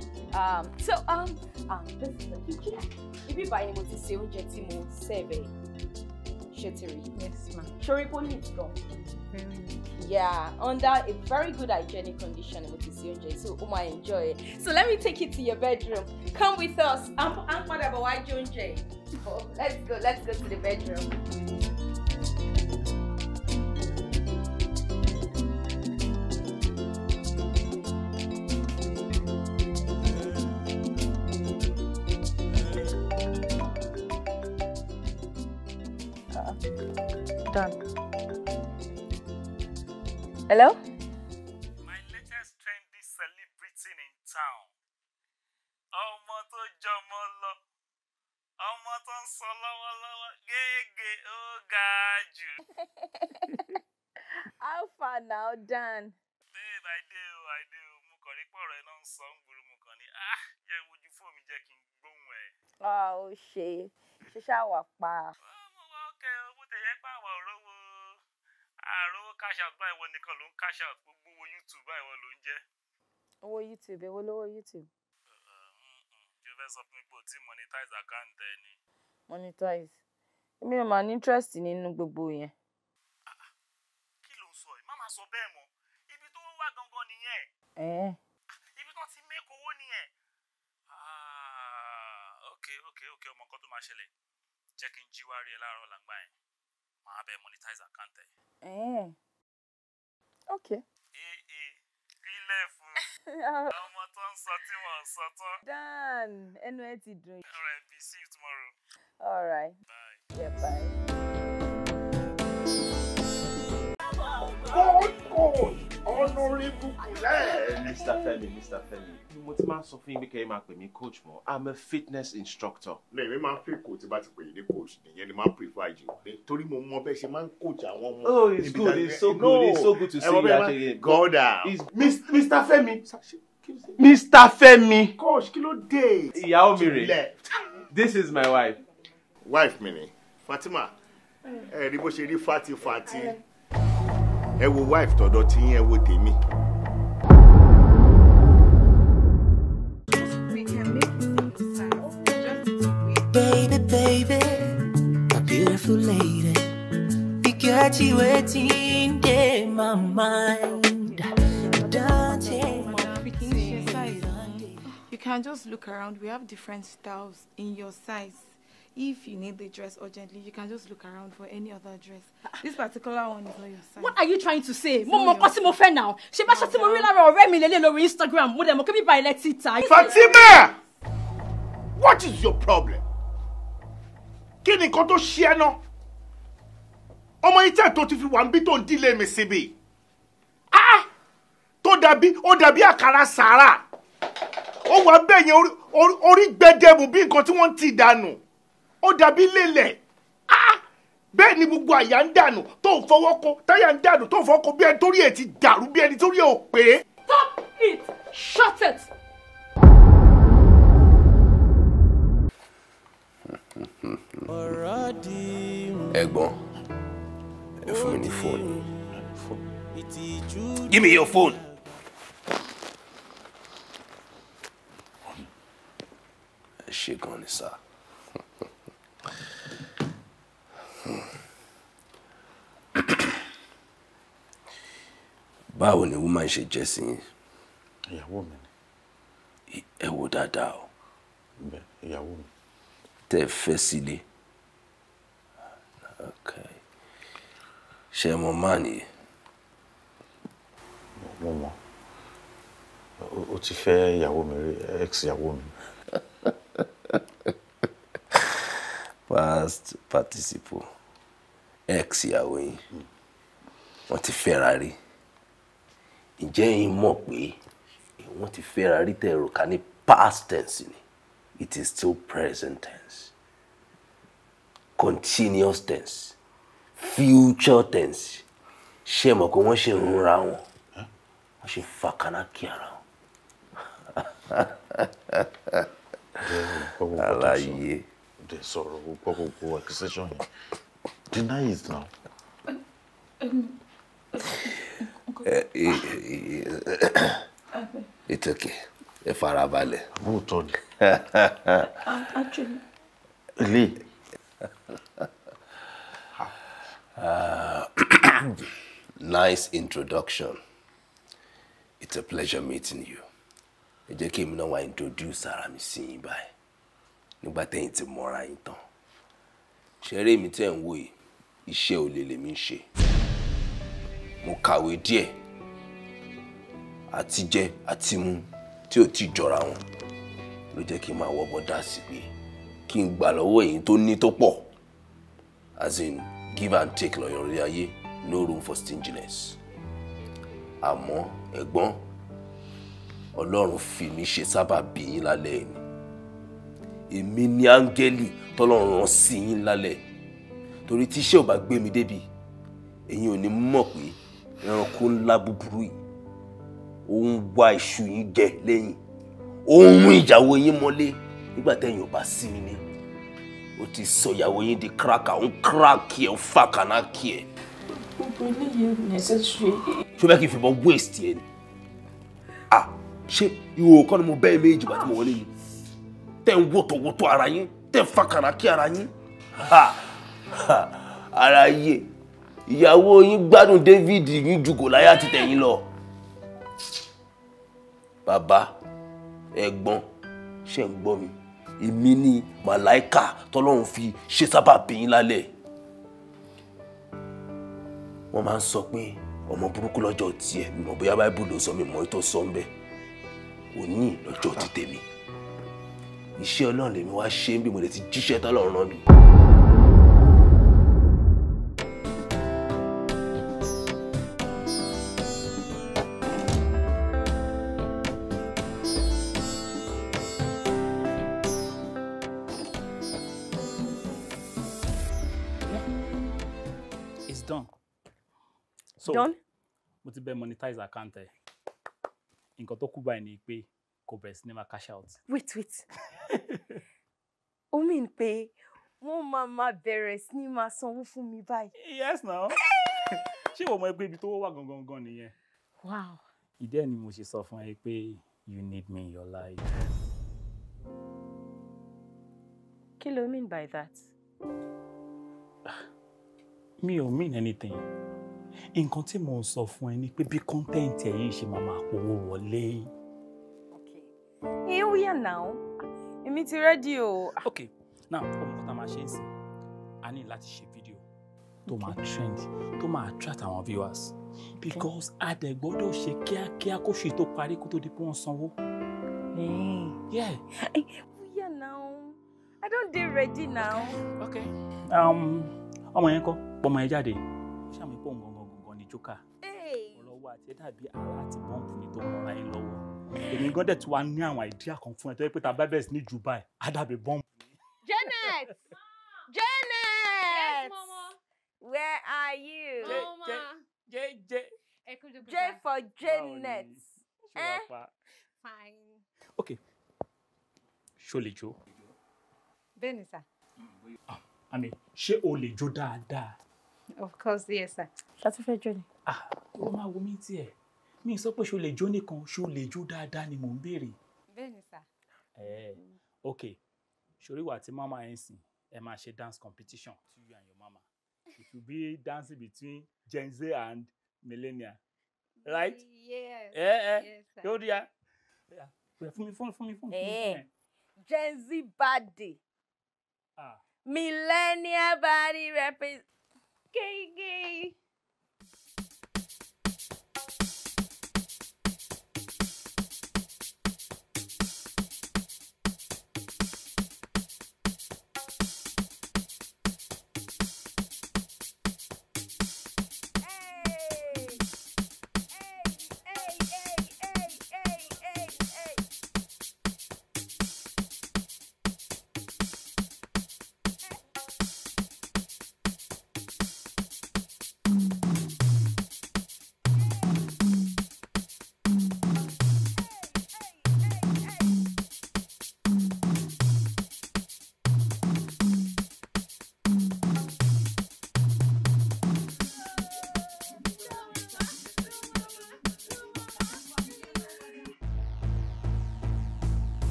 um, so um, um, this is the kitchen ibi báyìí mo ti ṣe oúnjẹ tí mo serve ẹ̀ ṣe ti rí yes ma ṣorí kó ní ìtàn yeah under a very good hygienic condition mo ti ṣe oúnjẹ so um, I enjoy it so let me take you to your bedroom come with us I'm I'm padà bọ̀ wá jẹ oúnjẹ oh, let's go let's go to the bedroom. done. Hello? My latest trendy celebrity in town. Ọmọ tó jọmọ lọ. Ọmọ tó ń sọ lọ́wọ́lọ́wọ́ gẹ́gẹ́ ó ga jù. How far now, Dan? Babe, I do, I do. Mo kàn rí pọ̀rọ̀ ẹ̀ ń sọ ń gbúrú mo kàn ní. Ah, jẹ́ wojú fóònù jẹ́ kí n gbóhùn ẹ̀. Ọ̀ ah, ò ṣe ṣíṣàwà pa. Ah, àròwó cash out báyìí wọn nìkan ló ń cash out gbogbo owó youtube báyìí wọn ló ń jẹ. owó youtube èwo lówó youtube. ṣé o fẹ́ sọ fún mi pé o ti monetize account ẹ ni. monetize èmi ò máa ní interest nínú gbogbo yẹn. Ah, kí ló ń sọ yìí má máa sọ bẹ́ẹ̀ mọ́ ibi tó wà gangan nìyẹn. Ah, ibi tó ti mẹ́kọ̀ owó nìyẹn. Ah, ok ok ok ọmọ nǹkan tó máa ṣẹlẹ̀ jẹ́ kí n jíwárí ẹ láàárọ̀ làǹgbà yẹn màá bẹ monetize account ẹ. ok. ee ilé fún ọmọ tó ń sọ tí wọn sọ tán. dan ẹnu ẹ ti dùn. all right see you tomorrow. all bye. yeah bye. Mr Femi Mr Femi mo ti máa ń sọ fún yín pé kẹ́rin máa pè mí coach mọ́ I'm a fitness instructor. lẹ́yìn mi máa ń pè kó tí bá ti pè yín ní coach nìyẹn ni máa ń prefer jù torí mo mọ bẹ́ẹ̀ ṣe máa ń coach àwọn ọmọ. oh it's good it's so good it's so good to see you again. gọ́dà. Mr Femi Mr Femi. coach kí ló dé. ìyàwó mi rè this is my wife. wife mi ni Fatima ẹ rí bó ṣe rí fati fati. ẹ wo wife tọ̀dọ̀ tí yín ẹ wo tèmi. Oh, baby, baby, a beautiful lady. You got you waiting in my mind. Don't You can just look around. We have different styles in your size. If you need the dress urgently, you can just look around for any other dress. Ah. This particular one is not your size. What are you trying to say? Mo mọ nǹkan mo fẹ́ now. Ṣé bá ṣe mo rí lára ọ̀rẹ́ mi lélẹ̀ lórí Instagram? Mo dẹ̀ mọ̀ kébí báyìí ta. Fatima! What is your problem? Kini ni nǹkan tó ṣe ẹ́ náà? Ọmọ yìí tẹ̀ tó ti fi wà ń bí tó ń dílé mi síbi. Ah, ah. Tó dàbí ó dàbí àkàrà sàárà. Ó wà bẹ́ẹ̀ yẹn orí gbẹdẹ̀mù bí nǹkan tí wọ́n ti dànù ó dàbí lélẹ̀ ah! bẹ́ẹ̀ ni gbogbo àyà ń dànù tó ń fọwọ́ kó táyà ń dànù tó ń fọwọ́ kó bí ẹni torí ẹ̀ ti dàrú bí ẹni torí ẹ̀ ò pé. stop it shut it. ẹ̀gbọ́n ẹ fún mi ní fóònù give me your phone. ẹ ṣe gan ni sáà. báwo ni woman ṣe jẹ́ sí yín. ìyàwó mi ni. ẹ wo dáadáa o. bẹ́ẹ̀ ìyàwó mi. tẹ́ ẹ fẹ́ sílé. ṣe mọ máa nìyẹn. mo mọ o ti fẹ́ ìyàwó mi rí ex ìyàwó mi. past participle ex ìyàwó yín wọ́n ti fẹ́ra rí ǹjẹ́ yín mọ̀ pé wọ́n ti fẹ́ra rí tẹ̀rọ ká ní past tense ni it is still present tense continuous tense future tense ṣé mọ̀ pé wọ́n ṣe ń ra wọn wọ́n ṣe fàkànà kí ara wọn. àlàyé. ọ̀dẹ̀ sọ̀rọ̀ gbogbo gbogbo accession Deny it now. It's okay. Ẹ farabalẹ̀. Bóòtọ́ ni. Actually. Lee. Nice introduction. It's a pleasure meeting you. I just came èmi náà introduce Sarah. mi sí yín báyìí. Nígbà tẹ́yìn ti mọ́ra yín tán. Ṣeré mi tẹ́ ń iṣẹ́ olè lèmi ń ṣe mo kàwé díẹ̀ àti jẹ àti mu tí ò ti jọra wọn ló jẹ́ kí n máa wọ́gbọ́n dá sí pé kí n gbà lọ́wọ́ èyí tó ní tó pọ̀ as in give and take lọ́yọ̀ orí ayé no room for stinginess àmọ́ ẹ̀gbọ́n ọlọ́run fi mí ṣe sábàbí yín lálẹ́ yìí èmi ni áńgẹ́lì tọ́lọ́run rán sí yín lálẹ́ yìí torí tí iṣẹ́ ò bá gbé mi débi ẹ̀yin ò ní mọ̀ pé ẹranko ńlá búburú yìí ó ń wá iṣu yín jẹ lẹ́yìn ó ń mú ìyàwó yín mọ́lé nígbà tẹ́yìn ò bá sí mi ní ó ti sọ ìyàwó yín di kíráàkà ó ń kíráàkì ẹ̀ ó fà kànáàkì ẹ̀. gbogbo eléyìí necessary. ṣé o bẹ́ẹ̀ kì í fìbọn waste yẹn ni ah ṣé ìwò kan ni mo bẹ́ẹ̀ méjì bá ti mo wọlé yìí tẹ́ ń wòtòwòtò ara yín tẹ́ ń fà kànáàkì ara yín ara yé ìyàwó yín gbádùn David yín ju Gòláyà ti tẹ̀yìn lọ. bàbá ẹ̀gbọ́n ṣe ń gbọ́ mi èmi ni màláìkà tọ́lọ́run fi ṣe sábà bìyín lálẹ́ wọ́n máa ń sọ pé ọmọ burúkú lọ́jọ́ tiẹ̀ mọ̀ bóyá báíbù ló mi mọ̀ ètò sọ ń bẹ̀ òní lọ́jọ́ ti tèmi iṣẹ́ ọlọ́run lèmi wá ṣe ń bí mo lè ti jíṣẹ́ tọ́lọ́run rán mi. so done. mo ti bẹ monetize account ẹ nǹkan tó kú báyìí ni pé kò bẹ̀rẹ̀ sí ní máa cash out. wait wait o mean pé wọ́n máa máa bẹ̀rẹ̀ sí ní máa sanwó fún mi báyìí. yes na ṣé ìwọ mọ ẹgbẹ́ ibi tó wà gangan gan nìyẹn. wow. ìdí ẹ̀ ni mo ṣe sọ fún ẹ pé you need me in your life. kí ló mean by that. mi ò mean anything nǹkan tí mò ń sọ fún ẹ ni pé bí kọ́ńtẹ́ǹtì ẹ̀ yìí ṣe máa máa powó wọlé. ẹ ó yà náà èmi ti rẹ́dí o. ok now ọmọ kọta máa ṣe ń sìn a ní láti ṣe fídíò tó máa trend tó máa attract àwọn viewers because adẹ gbọ́dọ̀ ṣe kíákíá kó ṣe tó parí kó tó di pé wọ́n sanwó. yeah. yeah now i don't dey ready now. okay um, ọmọ yẹn kọ́ ọmọ yẹn jáde ṣáà mi pọ̀ ń gbọ̀ngàn jókà ọlọ́wọ́ àti ẹ̀ dàbí ara àti bọ́ǹpù ni tó mọ́ra yín lọ́wọ́ èmi gọ́dẹ̀ tí wàá ní àwọn àìdíà kan fún tó yẹ pé ta bẹ́bẹ̀ ní jù báyìí á dàbí Janet Janet yes, mama. where are you. mama jẹ jẹ jẹ for Janet. Eh? fine. ok ṣo lè jó. bẹ́ẹ̀ ni sà. Ah, àmì ṣé o lè jó dáadáa of course yes sir. ṣàtún fẹ́ jó ni. ah ó máa wo mí tiẹ̀ mi sọ pé ṣo lè jó nìkan ṣo lè jó dáadáa ni mò ń béèrè. bẹ́ẹ̀ni sà. ẹ ẹ ok sori wa ti mama ẹ sìn ẹ máa ṣe dance competition to you and your mama it will be dancing between gen z and millennial right. yes ẹ ẹ yóò ya fún mi fún mi fún mi fún mi. Eh, eh. gen z body. ah. millennial body represent. gay, gay.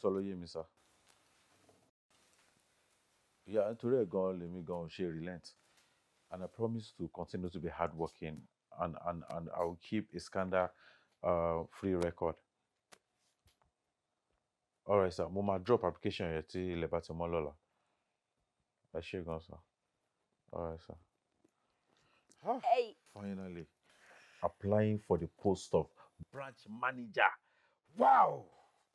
sọ ló yé mi sá ìyá nítorí ẹ̀ gan lèmi gan ṣe relent and I promise to continue to be hardworking and and and I will keep a scandal uh, free record alright sir mo máa drop application yẹn tí ilẹ̀ bá ti mọ́ lọ́la ẹ ṣé gan sir alright sir. Ah, hey. Finally, applying for the post of branch manager. Wow!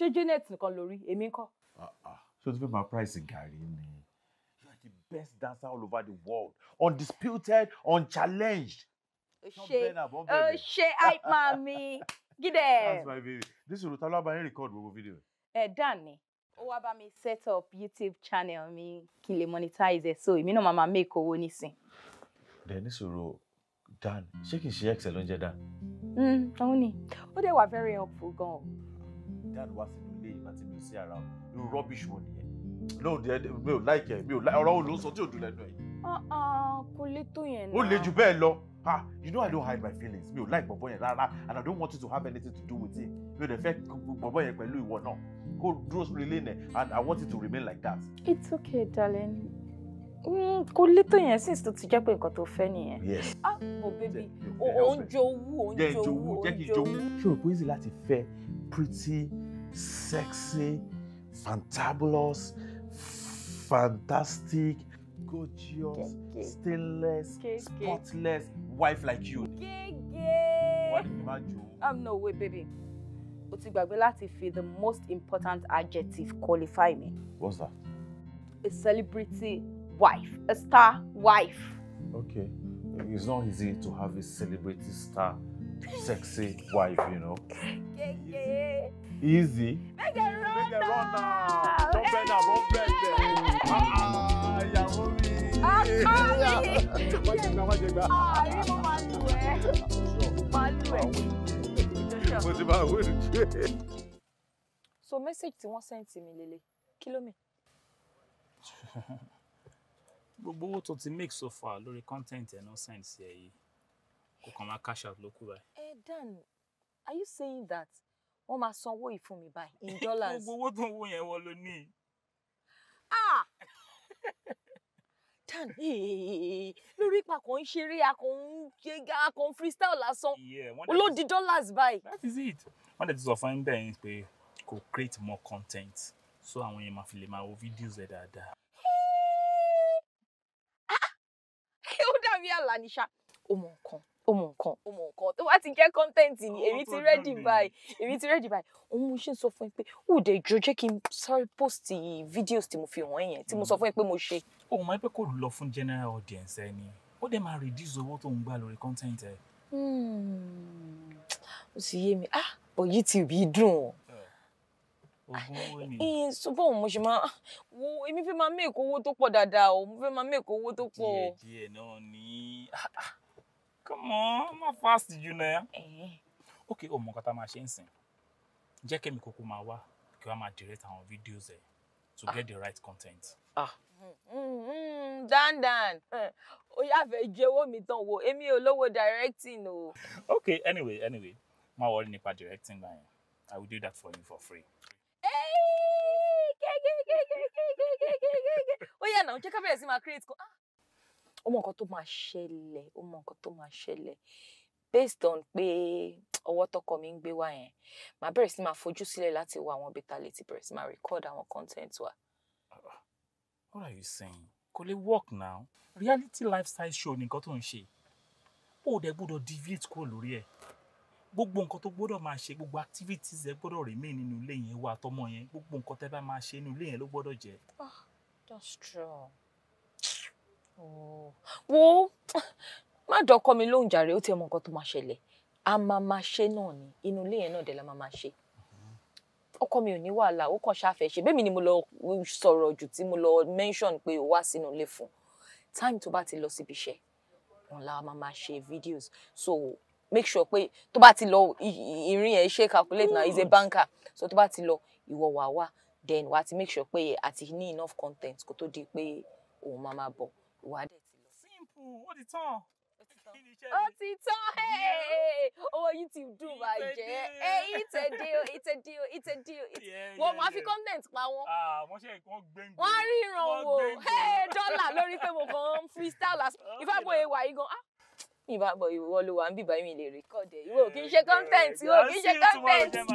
ṣé Janet nìkan lórí èmi ń kọ́. Ah, ah. ṣé fẹ́ máa price gàrí ni you are the best dancer all over the world undisputed unchallenged. ṣe ṣe ah, hype man mi gídẹ. that's my baby this is rotalo abayin record gbogbo video. ẹ dan ni ó wá bá mi set up YouTube channel mi kí n lè monetize ẹ so èmi náà máa máa make owó nísìn. dẹ̀ níṣòro dan ṣé kìí ṣe excel ló ń jẹ́ dan. Hmm, òun ni ó dẹ̀ wà very helpful gan-an dad wá sínú ilé ìgbà tí mi ò sí ara o irú rubbish wo nìyẹn no mi ò like ẹ mi ò like ọ̀rọ̀ wo ló ń sọ tí ò dùn lẹ́nu ẹ̀. Uh-uh, kò lè tó yẹn náà. ó le jù bẹ́ẹ̀ lọ ha you know i don't hide my feelings mi ò like bọ̀bọ̀ yẹn rárá and i don't want you to have anything to do with it mi ò dẹ̀ fẹ́ bọ̀bọ̀ yẹn pẹ̀lú ìwọ náà kó dúró sórí ilé yẹn and i want it to remain like that. it's okay darling mm, kò létò yẹn since tó ti jẹ́ pé nǹkan tó fẹ́ nìyẹn. yes ah oh baby o ń jowú o ń jowú o ń jowú. jẹ́ kí n jowú ṣòro pé easy láti fẹ́ pretty, sexy, fantabulous, fantastic, gorgeous, stainless, spotless wife like you. I'm um, no way, baby. Ó ti gbàgbé láti fi the most important adjective qualify me. What's that? A celebrity wife, a star wife. Okay. It's not easy to have a celebrity star sexy wife, you know. Easy. Make a run Make a run now. Don't bend down, don't bend down. Ah, ìyàwó mi. Ah, Kami. Ah, rí mo máa lù ẹ́. Máa lù ẹ́. Mo ti máa wé lùjẹ́. So message tí wọ́n send mi lélẹ̀, kí ló mi? Gbogbo owó tó ti make so far lórí content ẹ̀ náà send sí ẹ yìí kò kàn máa cash out ló kù báyìí. ẹ Dan are you saying that wọ́n máa sanwó ìfún mi báyìí in dollars. gbogbo owó tó ń wo yẹn wọ ló ní. ah Dan lórí ipa kan ń ṣeré akọ̀hún ṣẹ́gá freestyle lásán olódi dollars báyìí. that is it wọ́n dẹ̀ ti sọ fún bẹ́ẹ̀ ni pé kò create more content so àwọn yẹn máa fi lè máa wo videos ẹ̀ dáadáa. Ah! ó dàbí àlàníṣà ó mọ nǹkan ó mọ nǹkan ó mọ nǹkan tó bá ti jẹ́ kọ́ńtẹ́ǹtì ni èmi ti rẹ́dì báyìí èmi ti rẹ́dì báyìí òun mo ṣe ń sọ fún yín pé ó dé jọ jẹ́ n sáré post videos tí mo fi hàn yẹn tí mo sọ mm. fún yín pé mo ṣe. o mọ pé kò lọ fún general audience ẹ ni ó dẹ̀ máa reduce owó tó ń gbà lórí kọ́ńtẹ́ǹtì ẹ. Hmm. ó sì yé mi ah but YouTube yìí dùn o eh, ah, ìyẹn sọ́bọ̀ mo ṣe máa wo èmi fẹ́ máa mẹ́ẹ̀kọ́ owó tó pọ̀ dáadáa o mo fẹ́ máa mẹ́ẹ̀kọ́ owó tó pọ̀. díẹ̀ díẹ̀ náà ni ah, ah come on má fast jù náà. Eh. ok o mọ nǹkan tá a máa ṣe ń sìn jẹ́ kẹ́mi kúkú máa wá kí wọ́n direct àwọn videos ẹ̀ to ah. get the right content. Ah. Mm, mm, dandan eh, ó yá fẹ́ jẹ́wọ́ mi tán wo èmi ò lówó directing oh. Okay, anyway anyway my wọrí nípa directing gbà i will do that for you for free. ó yá náà jẹ́ ká bẹ̀rẹ̀ sí máa create kan. Ah ó mọ nǹkan tó máa ṣẹlẹ̀ ó mọ nǹkan tó máa ṣẹlẹ̀ based on pé ọwọ́ tọkọ mi ń gbé wá yẹn màá bẹ̀rẹ̀ sí máa fojú sílẹ̀ láti wo àwọn ibi tá bẹ̀rẹ̀ sí máa record àwọn content wa. what are you saying kò lè work now reality lifestyle show ni nǹkan tó ń ṣe ó dẹ̀ gbọ́dọ̀ deviate kúrò lórí ẹ̀ gbogbo nǹkan tó gbọ́dọ̀ máa ṣe gbogbo activities ẹ gbọ́dọ̀ remain nínú ilé yẹn wà tọmọ yẹn gbogbo nǹkan tẹ́ bá máa ṣe nínú ilé yẹn ló gbọ́dọ̀ jẹ́. Ah, that's true wo má dọ́kọ́ mi lóhùn jàre ó ti mọ nǹkan tó máa ṣẹlẹ̀ a máa máa ṣe náà ni inú ilé yẹn náà dẹ̀ la máa máa ṣe ọkọ mi ò ní wàhálà ó kàn ṣáfẹ́ ṣe bẹ́ẹ̀ mi ni mo lọ sọ̀rọ̀ jù tí mo lọ mention pé o wá sínú ilé fún time tó bá ti lọ síbi iṣẹ́ òun la máa máa ṣe videos so make sure pé tó bá ti lọ ìrìn ẹ̀ ṣe calculate na he's a banker so tó bá ti lọ ìwọ wà wá then wà ti make sure pé a ní enough content kó tó di pé òun máa máa bọ̀ wàá dẹ̀ ti lọ. simple ó ti tán ó ti tán owó yìí ti dùn bàjẹ́ ìtẹ̀dé o ìtẹ̀dé o ìtẹ̀dé o wọ́n máa fi content pa wọ́n wọ́n á rí ìran wò dọ́là lórí pé mo kàn ń freestyle as ìfàgbọ́ ewa yìí gan ah ìbábọ̀ ìwọ ló wà ń bíbá mi lè rékọ̀dẹ̀ ìwọ kì í ṣe content ìwọ kì í ṣe content.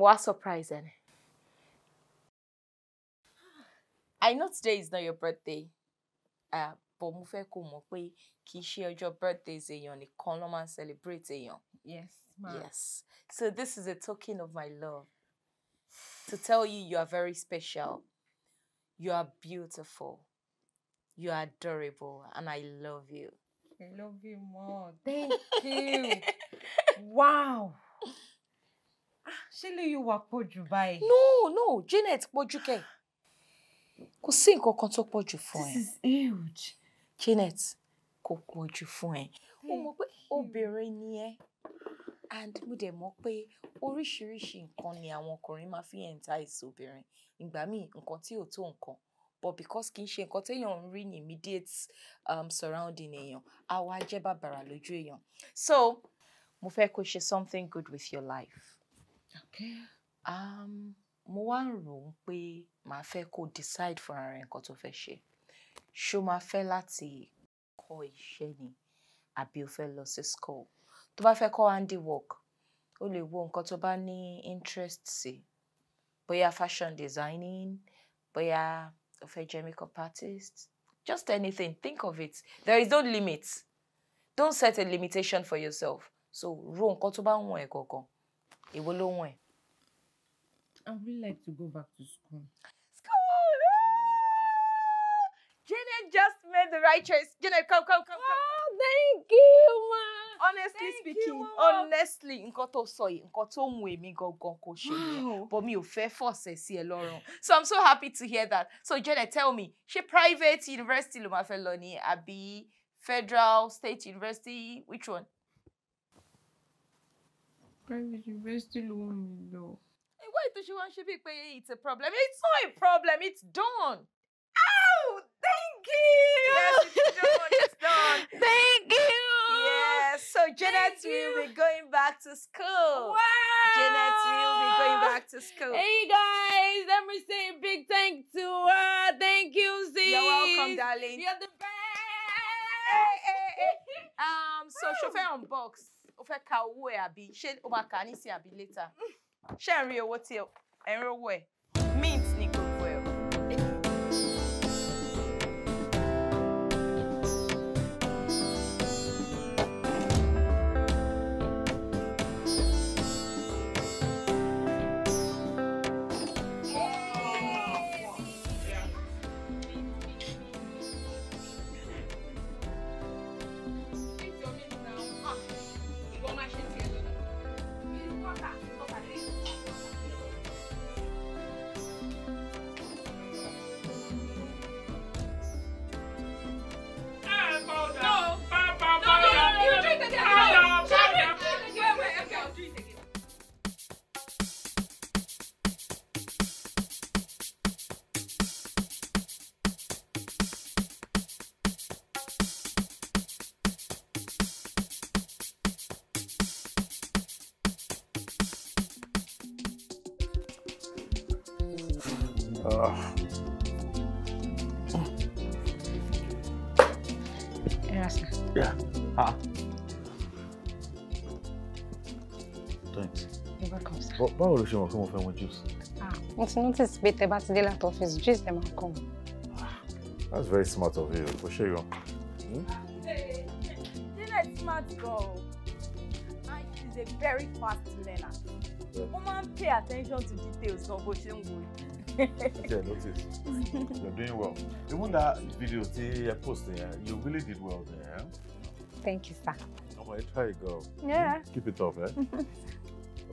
What surprise then? I know today is not your birthday. Uh, but mo fẹ́ kó mọ̀ pé kì ṣe ọjọ́ birthdays èèyàn nìkan ló máa celebrate èèyàn. Yes, ma. Yes. So this is a token of my love. To tell you you are very special. You are beautiful. You are adorable and I love you. I love you more. Thank you. wow. ṣé lè yóò wá pọ̀ jù báyìí. no no Janet pọ̀ jù kẹ́ kò sí nǹkan kan tó pọ̀ fún ẹ. this is huge. Janet kò pọ̀ jù fún ẹ. o mọ̀ pé obìnrin ni ẹ́ and mo dẹ̀ mọ̀ pé oríṣiríṣi nǹkan ni àwọn ọkùnrin máa fi entice obìnrin ìgbà míì nǹkan tí ò tó nǹkan but because kì í ṣe nǹkan téèyàn ń rí ní immediate um, surrounding èèyàn àwa jẹ́ bàbàrà lójú èèyàn so mo fẹ́ kó ṣe something good with your life. Um, mo wá ń rò ó pé màá fẹ́ kó decide fúnra rẹ̀ nǹkan tó fẹ́ ṣe ṣó máa fẹ́ láti kọ́ iṣẹ́ ni àbí o fẹ́ lọ sí school tó bá fẹ́ kọ́ handiwork o lè wo nǹkan tó bá ní interest sí bóyá fashion designing bóyá o fẹ́ jẹ́ makeup artist just anything think of it there is no limit don't set a limitation for yourself so ro nǹkan tó bá wù ẹ́ gangan èwo ló wọ̀n ẹ̀. I would like to go back to school. School! Ah! Janet just made the right choice. Janet, come, come, come, come. Oh, thank you, ma. Honestly thank speaking, you, honestly, nǹkan tó sọ yìí, nǹkan tó mú èmi gangan kò ṣe yẹn. But mi ò fẹ́ force sí ẹ lọ́rùn. So I'm so happy to hear that. So Janet, tell me, ṣé private university ló máa fẹ́ lọ ni àbí federal state university? Which one? Eh, why university she mi lọ. ìwé ètò ṣe wá ń ṣe it's a problem it's not a problem it's done. Oh, thank you. yes it's done it's done. thank you. yes so Janet will be going back to school. wow Janet will be going back to school. hey guys let me say a big thank to her uh, thank you Z. you're welcome darling. you're the best. Hey, hey, hey. um so ṣo unbox. o fẹ́ ka owó ẹ̀ àbí ṣé o máa kà á nísìnyí àbí later ṣé ẹ̀ ń rí owó tí ẹ̀ ń rówó ẹ̀ Jasne. Ja. Har. Thanks. You're welcome, sir. Báwo ló ṣe mọ̀ pé mo fẹ́ mu juice? Ah, ti notice pé tẹ bá ti dé láti juice dẹ̀ man, kàn. That's very smart of you. Kò ṣe yọ. Janet smart girl and is a very fast learner. Woman, máa ń pay attention to details náà bó ṣe ń wo yeah, notice. You're doing well. Even that video I posted, you really did well there. Eh? Thank you, sir. Oh, my, try it, girl. Yeah. Keep it up, eh?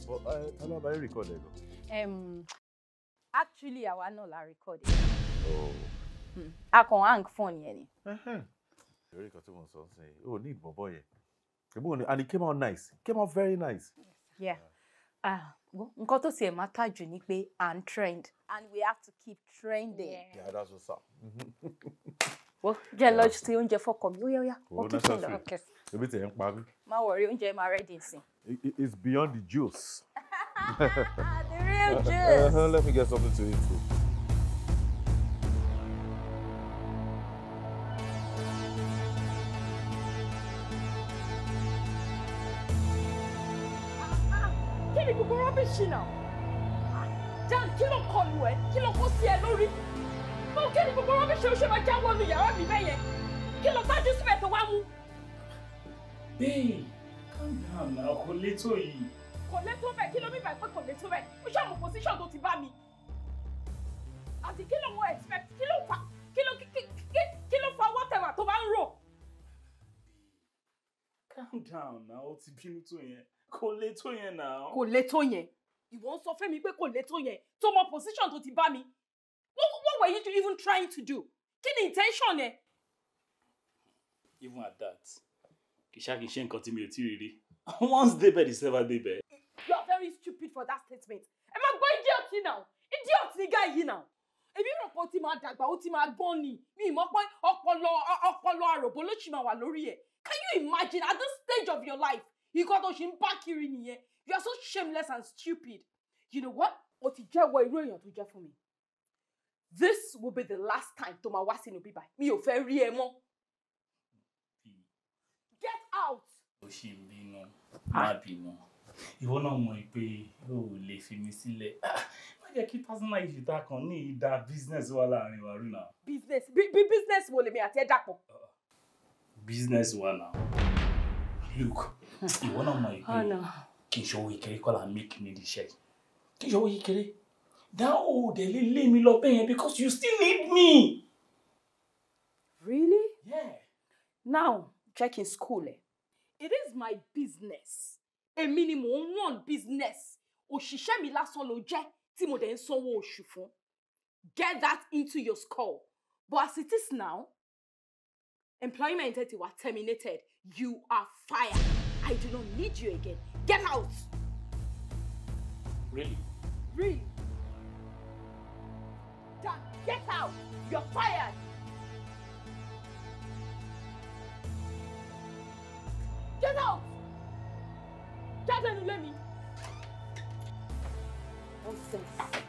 but uh, hello, I recorded. Um, actually, àwa náà la record. Oh. Hmm. A kàn hang phone yẹn ni. Very cut on something. Oh, need bobo yẹn. And it came out nice. It came out very nice. Yes, yeah. yeah nǹkan tó tiẹ̀ máa tàjù ni pé à ń and we have to keep training. yeah, yeah that's what's up. wọ́n jẹ́ lọ́jọ́ tí oúnjẹ fọkàn mi ó yá ó yá wọ́n tún tún lọ. ebi tẹ̀ ń parí. má wọrí oúnjẹ máa rẹ́ dì sí. it's beyond the juice. the real juice. Uh, huh. let me get something to eat too. ṣìnà dan kí ló kọlù ẹ kí ló kó sí ẹ lórí mo kí ni gbogbo rọ́bìṣì oṣù máa jáwọ́ nu yàrá mi bẹ́ẹ̀ kí ló tájú síbẹ̀ tó wá mú. bẹ́ẹ̀ calm down na kò létò yìí. kò létò bẹ́ẹ̀ kí ló mi bàá pé kò létò bẹ́ẹ̀ o ṣàmù pòsíṣàn tó ti bá mi. àti kí ló wọ expect kí ló fa kí ló kí ló fa whatever tó bá ń rò. calm down na o ti bínú tó yẹn kò létò yẹn na. kò létò yẹn ìwọ ń sọ fún mi pé kò lè tó yẹn tó mọ position tó ti bá mi what, what were you even trying to do kí ni intention ẹ. even at that kì í ṣáà kì í ṣe nǹkan tí mi ò tí ì rí once débẹ̀ is never débẹ̀. you are very stupid for that statement ẹ máa gbọ́ idiot now idiot ni guy yìí now èmi rò pé ó ti máa dàgbà ó ti máa gbọ́n ni mi ì mọ̀ pé ọpọlọ ọpọlọ àròbó ló ṣì máa wà lórí ẹ̀ can you imagine at this stage of your life nǹkan tó ṣe ń bá kiri nìyẹn you are so shameless and stupid you know what o ti jẹ́wọ́ irú èèyàn tó jẹ́ fún mi this will be the last time tó máa wá sínú bíbá mi ò fẹ́ rí ẹ mọ́ get out. ó ṣe bínú má ah. bínú ìwọ náà mọ̀ pé o ò lè fi mi sílẹ̀ ah, má jẹ́ kí personal issue ta kan ní ìdá business wà láàrin wa rí náà. business bí business wo lèmi àti ẹ dàpọ̀. business wa náà look hmm. ìwọ náà mọ̀ pé. Oh, kì í ṣe owó kékeré kọ́ la make nídìí iṣẹ́ yìí kì í ṣe owó kékeré dá òòdẹ lè lé mi lọ bẹ́ẹ̀ yẹn because you still need me. really? yeah. now check in school ẹ̀ it is my business èmi ni mò ń run business òṣìṣẹ́ mi lásán ló jẹ́ tí mo dẹ̀ ń sanwó oṣù fún get that into your skull but as it is now employment ẹ ti wà terminated you are fired i do not need you again Get out! Really? Really? Dan, get out! You're fired! Get out! Get out and let me! Nonsense.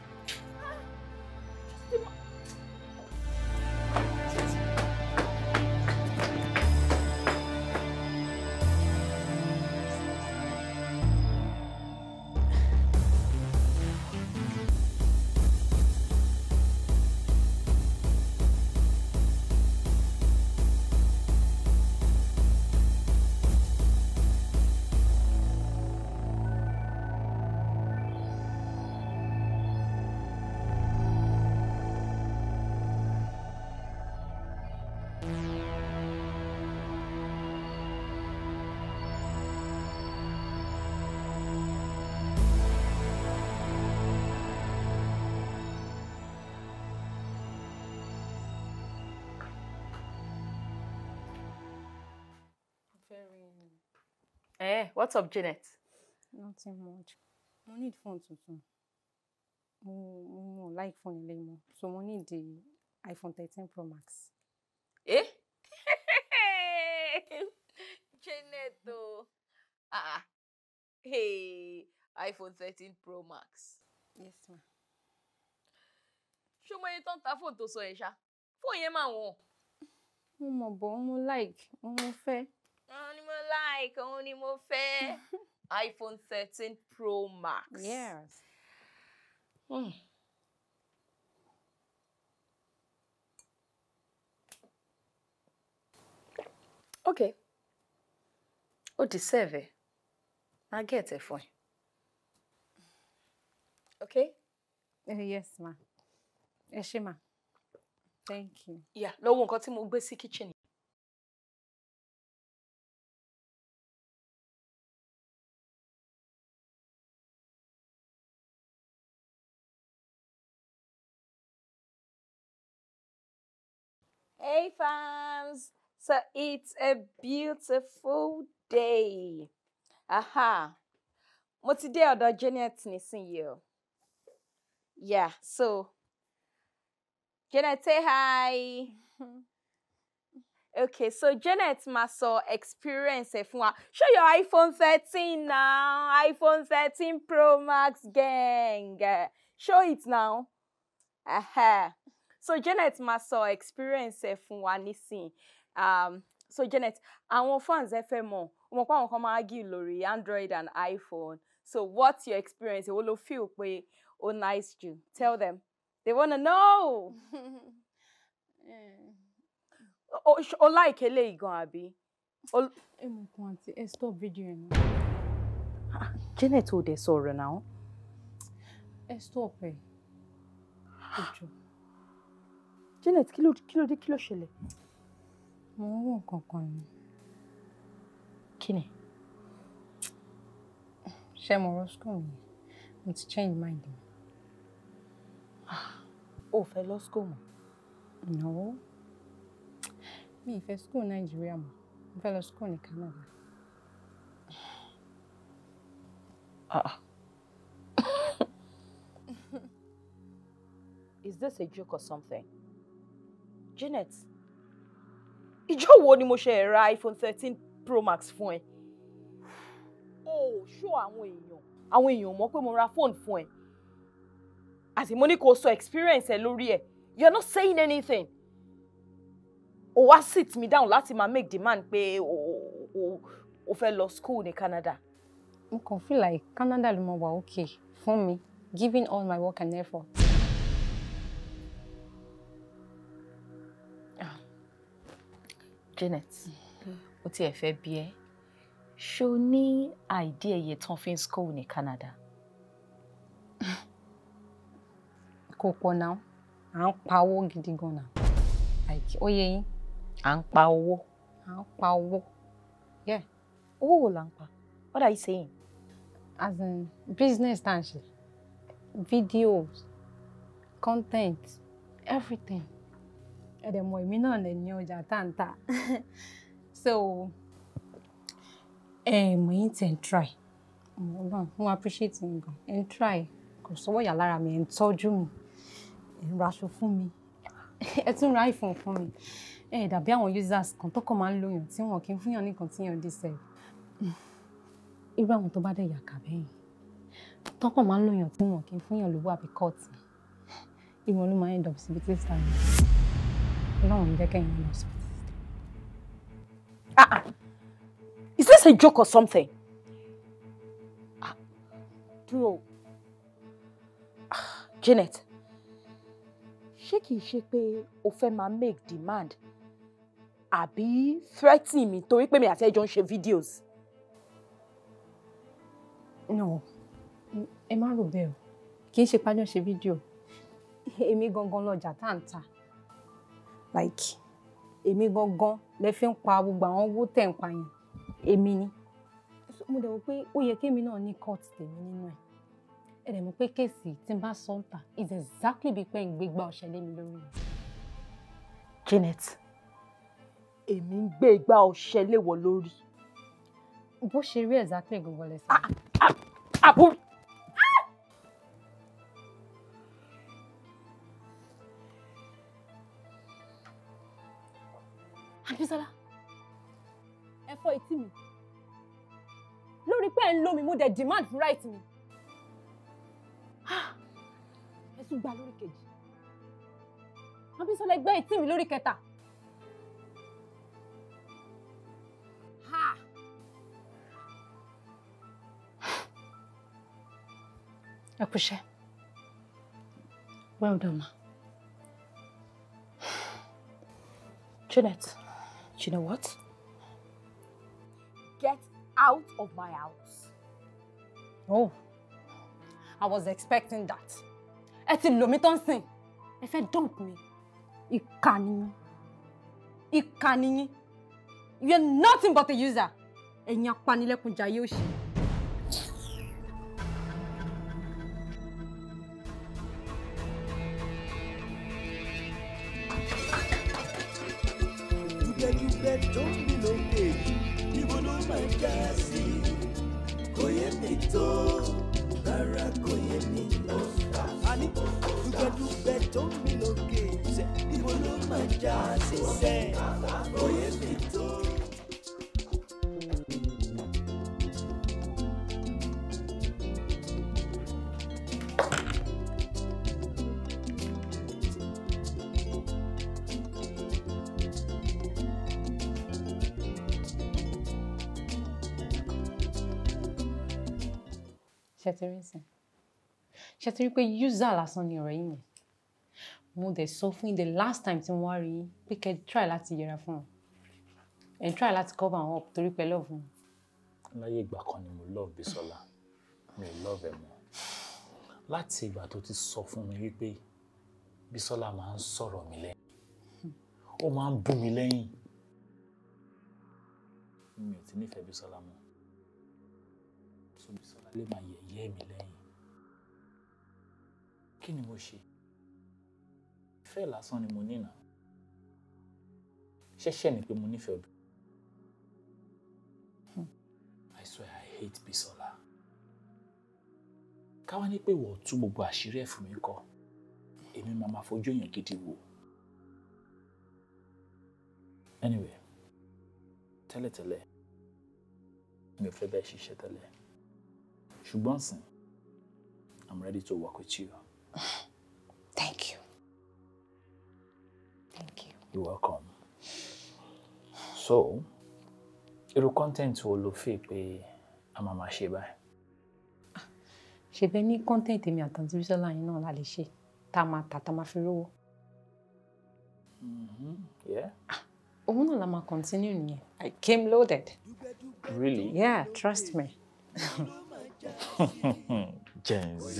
Eh, what's up, Janet? Nothing much. Mo need phone tuntun. Mo mo like phone eléyìí mọ́. So mo need the iPhone 13 Pro Max. Eh? Janet o. Ah, ah. Hey, iPhone 13 Pro Max. Yes, ma. Show me your tán ta fóònù tó sọ yẹn ṣá? Fóònù yẹn máa wọ̀n. Mo mọ̀ mo like, mo fẹ́ òun ni mo like òun ni mo fẹ́ iPhone thirteen Pro Max. Yes. Mm. Okay. O deserve it. I get it for you. Okay? Uh, yes, ma. Ẹ ṣé, ma. Thank you. Yeah, lọ́wọ́ nǹkan tí mo gbé sí kitchen. Hey fans! So it's a beautiful day. Aha! Mo ti dé ọ̀dọ̀ Janet nísìnyí o. Yeah, so Janet say hi. okay, so Janet máa experience ẹ̀ Show your iPhone 13 now, iPhone 13 Pro Max gang. Show it now. Aha so Janet máa sọ experience ẹ fún wa nísìn um, so Janet àwọn fans ẹ fẹ́ mọ̀ wọn pa àwọn kan máa argue lórí Android and iPhone so what's your experience èwo ló feel pé ó nice jù tell them they wanna know. o like eléyìí gan àbí. ẹ mọ̀ kan àti ẹ stop video ẹ̀ náà. Ah, Janet ò dẹ̀ sọ̀rọ̀ náà. ẹ stop ẹ̀. Eh. Janet kí ló kí ló dé kí ló ṣẹlẹ̀. mo ń wò nǹkan kan ni. kí ni. ṣé mo rọ school mi mo ti change mind mi. Ah, o fẹ́ lọ school mọ́. no mi ì fẹ́ school Nàìjíríà mọ́ mo fẹ́ lọ school ní Canada. Ah. Uh-uh. Is this a joke or something? Janet ìjọ wo ni mo ṣe ra iPhone thirteen Pro Max fún ẹ o ṣó àwọn èèyàn àwọn èèyàn mọ̀ pé mo ra fóònù fún ẹ àti mo ní kó sọ experience ẹ lórí ẹ you are not saying anything o wá sit me down láti máa make demand pé o o o fẹ́ lọ school ní Canada. n kàn feel like Canada ló mọ wà okay fún mi giving all my work and effort. Janet ó mm. tiẹ̀ fẹ́ bí ẹ ṣó ní àìdí ẹ̀yẹ tán fi ń school ní Canada. kò pọ̀ náà à ń pa owó gidi gan náà ó yẹ yín. à ń pa owó. à ń pa owó yeah owó wo là ń pa what are you saying. as in business tá à ń ṣe videos content everything ẹ̀dẹ̀ mọ̀ èmi náà lè ní ọjà táǹtà so mo yín tẹ̀ ń try mo náà mo appreciate yín gan ẹ̀ try kò sọ́wọ́ yà lára mi ẹ̀ ń tọ́jú mi ẹ̀ ń raṣọ fún mi ẹ̀ tún ra iPhone fún mi ẹ̀ dàbí àwọn users kan tó kàn máa ń lóyún tí wọn kì í fúnyàn nìkan tí yàn dé sẹ́ẹ̀ irú àwọn tó bá dẹ̀ yàkà bẹ́yìn tọ́kàn máa ń lóyún tí wọn kì í fúnyàn lówó àbí kọ́ọ̀tì ìwọ̀n ló máa ń dọ̀ síbi tí ó sáré. Ọlọ́run jẹ́ kẹ́yìn lọ sí. Ah is this a joke or something? Ah, bro, ah, Janet, ṣé kìí ṣe pé o make demand Abi threatening me to make me àti ẹjọ́ ń videos? No, ẹ má rò bẹ́ẹ̀ o, kì í ṣe lo ṣe like èmi gangan lẹ fi ń pa gbogbo àwọn owó tẹ̀ ń pa yẹn èmi ni mo dẹ̀ wò pé ó yẹ kémi náà ní court tèmi nínú ẹ̀ ẹ dẹ̀ mọ̀ pé kéèsì tí n bá sọ ń tà is exactly bíi pé ń gbégbá ọ̀ṣẹ́ lé mi lórí. Janet èmi ń gbé igbá ọ̀ṣẹ́ léwọ̀ lórí. bó ṣe rí exactly gbogbo lẹ́sìn. àbúrò. fọ etí mi lórí pé ẹ̀ ń lo mi mo dẹ̀ demand fún right mi ẹ tún gba lórí kejì Abísọ́lá gbẹ́ etí mi lórí kẹta. ẹ kúṣẹ́ well done ma Juliet you know what out of my house. Oh, I was expecting that. Ẹ ti lò mí tán sìn, ẹ fẹ́ dump me. Ìkà ni yín. Ìkà ni You're nothing but a user. Ẹ̀yin apanilẹ́kúnjayé òṣèlú. ṣe ti rí pé user lásán ni ọ̀rọ̀ yìí yẹn mo dẹ̀ sọ fún yín the last time tí mo wá rí yín pé kẹ́ try láti yẹra fún wọn And try láti cover wọn up torí pé love wọn. láyé ìgbà kan ni mo love Bisola mi ò love ẹ mọ́ láti ìgbà tó ti sọ fún mi wípé Bisola máa ń sọ̀rọ̀ mi lẹ́yìn ó máa ń bú mi lẹ́yìn mi ò ti nífẹ̀ẹ́ Bisola mọ́ so Bisola lè máa yẹ̀yẹ́ mi lẹ́yìn kí ni mo ṣe ìfẹ́ lásán ni mo ní náà ṣẹ́ṣẹ́ ni pé mo nífẹ̀ẹ́ obìnrin. I swear I hate Bisola. Káwá ní pé wọ́n tú gbogbo àṣírí ẹ̀ fún mi kọ́. Èmi máa ma fojú èèyàn gidi wò. Anyway, tẹ́lẹ̀tẹ́lẹ̀ mi ò fẹ́ bẹ́ẹ̀ ṣiṣẹ́ tẹ́lẹ̀. Ṣùgbọ́n sìn, I'm ready to work with you. Thank you. Thank you. You're welcome. So, irú content wo lo fi pé a máa máa ṣe content èmi àtàntí Bísọ́lá yín náà la lè ṣe tá a máa tà tá a máa fi mm-hmm, ah, la máa continue nìyẹn. I came loaded. Really? Yeah, trust me. Gen Z.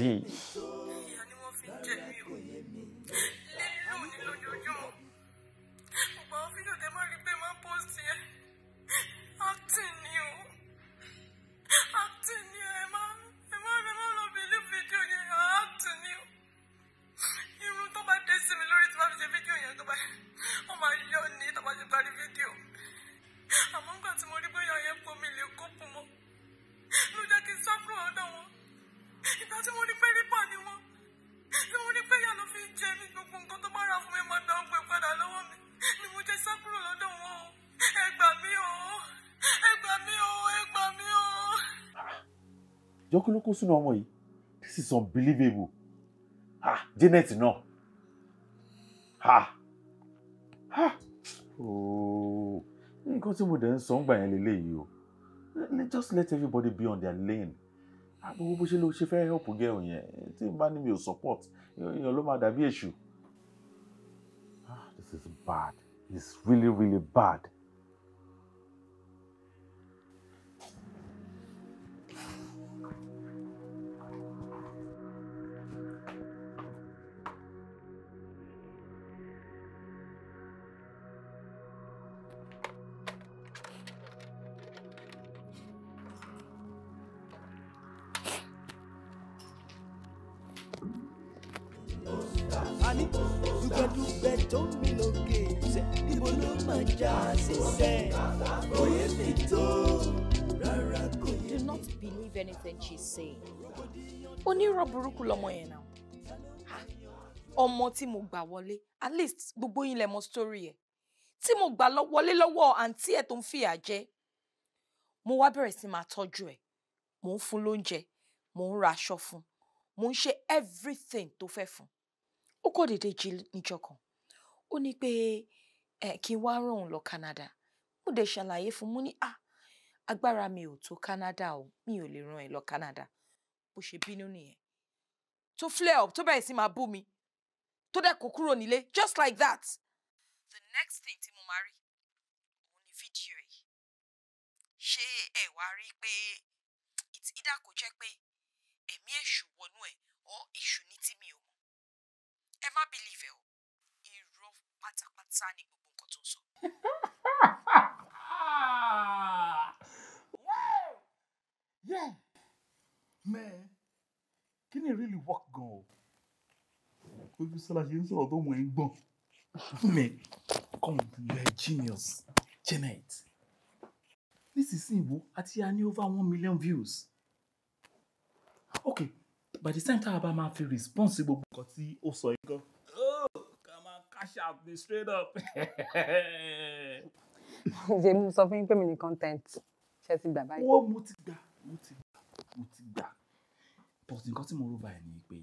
kó sínú ọmọ yìí this is unbelievable ha Janet náà ha ha ooo nǹkan tí mo dẹ̀ ń sọ ń gbà yẹn lélẹ́yìí o just let everybody be on their lane àbúrò bó ṣe ló ṣe fẹ́ help girl yẹn tí n bá ní mi ò support èèyàn ló máa dàbí èṣù ah this is bad it's really really bad. burúkú lọmọ yẹn náà ọmọ tí mo gbà wọlé at least gbogbo yín lẹ mọ story ẹ tí mo gbà wọlé lọ́wọ́ àǹtí ẹ̀ tó ń fìyà jẹ mo wá bẹ̀rẹ̀ sí máa tọ́jú ẹ̀ mo ń fún lóúnjẹ mo ń ra aṣọ fún mo ń ṣe everything tó fẹ́ fún ó kò déédéé jí níjọ ó ní pé ẹ kí n wá ràn lọ Canada mo dẹ̀ ṣàlàyé fún mo ní à ah, agbára mi ò tó Canada o mi ò lè ràn ẹ́ lọ Canada bó ṣe bínú nìyẹn To flare up to bẹ̀rẹ̀ sí máa bú mi tó dẹ̀ kó kúrò nílé just like that. the next thing tí mo máa rí òun ni fídíò ẹ̀ ṣé ẹ wá rí i pé ìdá kò jẹ́ pé ẹ̀mí èṣù wọnú ẹ̀ ọ́ èṣù ní tí mi ò mọ̀ ẹ má believe ẹ o irọ́ pátápátá ni gbogbo nǹkan tó ń sọ. yeah. yeah. man kí ni really work gan o ojú sọlá ṣe ń sọ̀rọ̀ tó mọ ẹ ń gbọn mi come you are genius Janet nísinsìnyí wo àti a ní over one million views ok by the time tá a bá máa fi response sí gbogbo nǹkan tí ó sọ yìí gan oh, ká máa cash out me straight up. ṣe mo sọ fún yín pé mi ní content ṣe ti gbà báyìí. wọ́n mo ti gbà mo ti gbà mo ti gbà. But nǹkan tí mo rò báyìí ni pé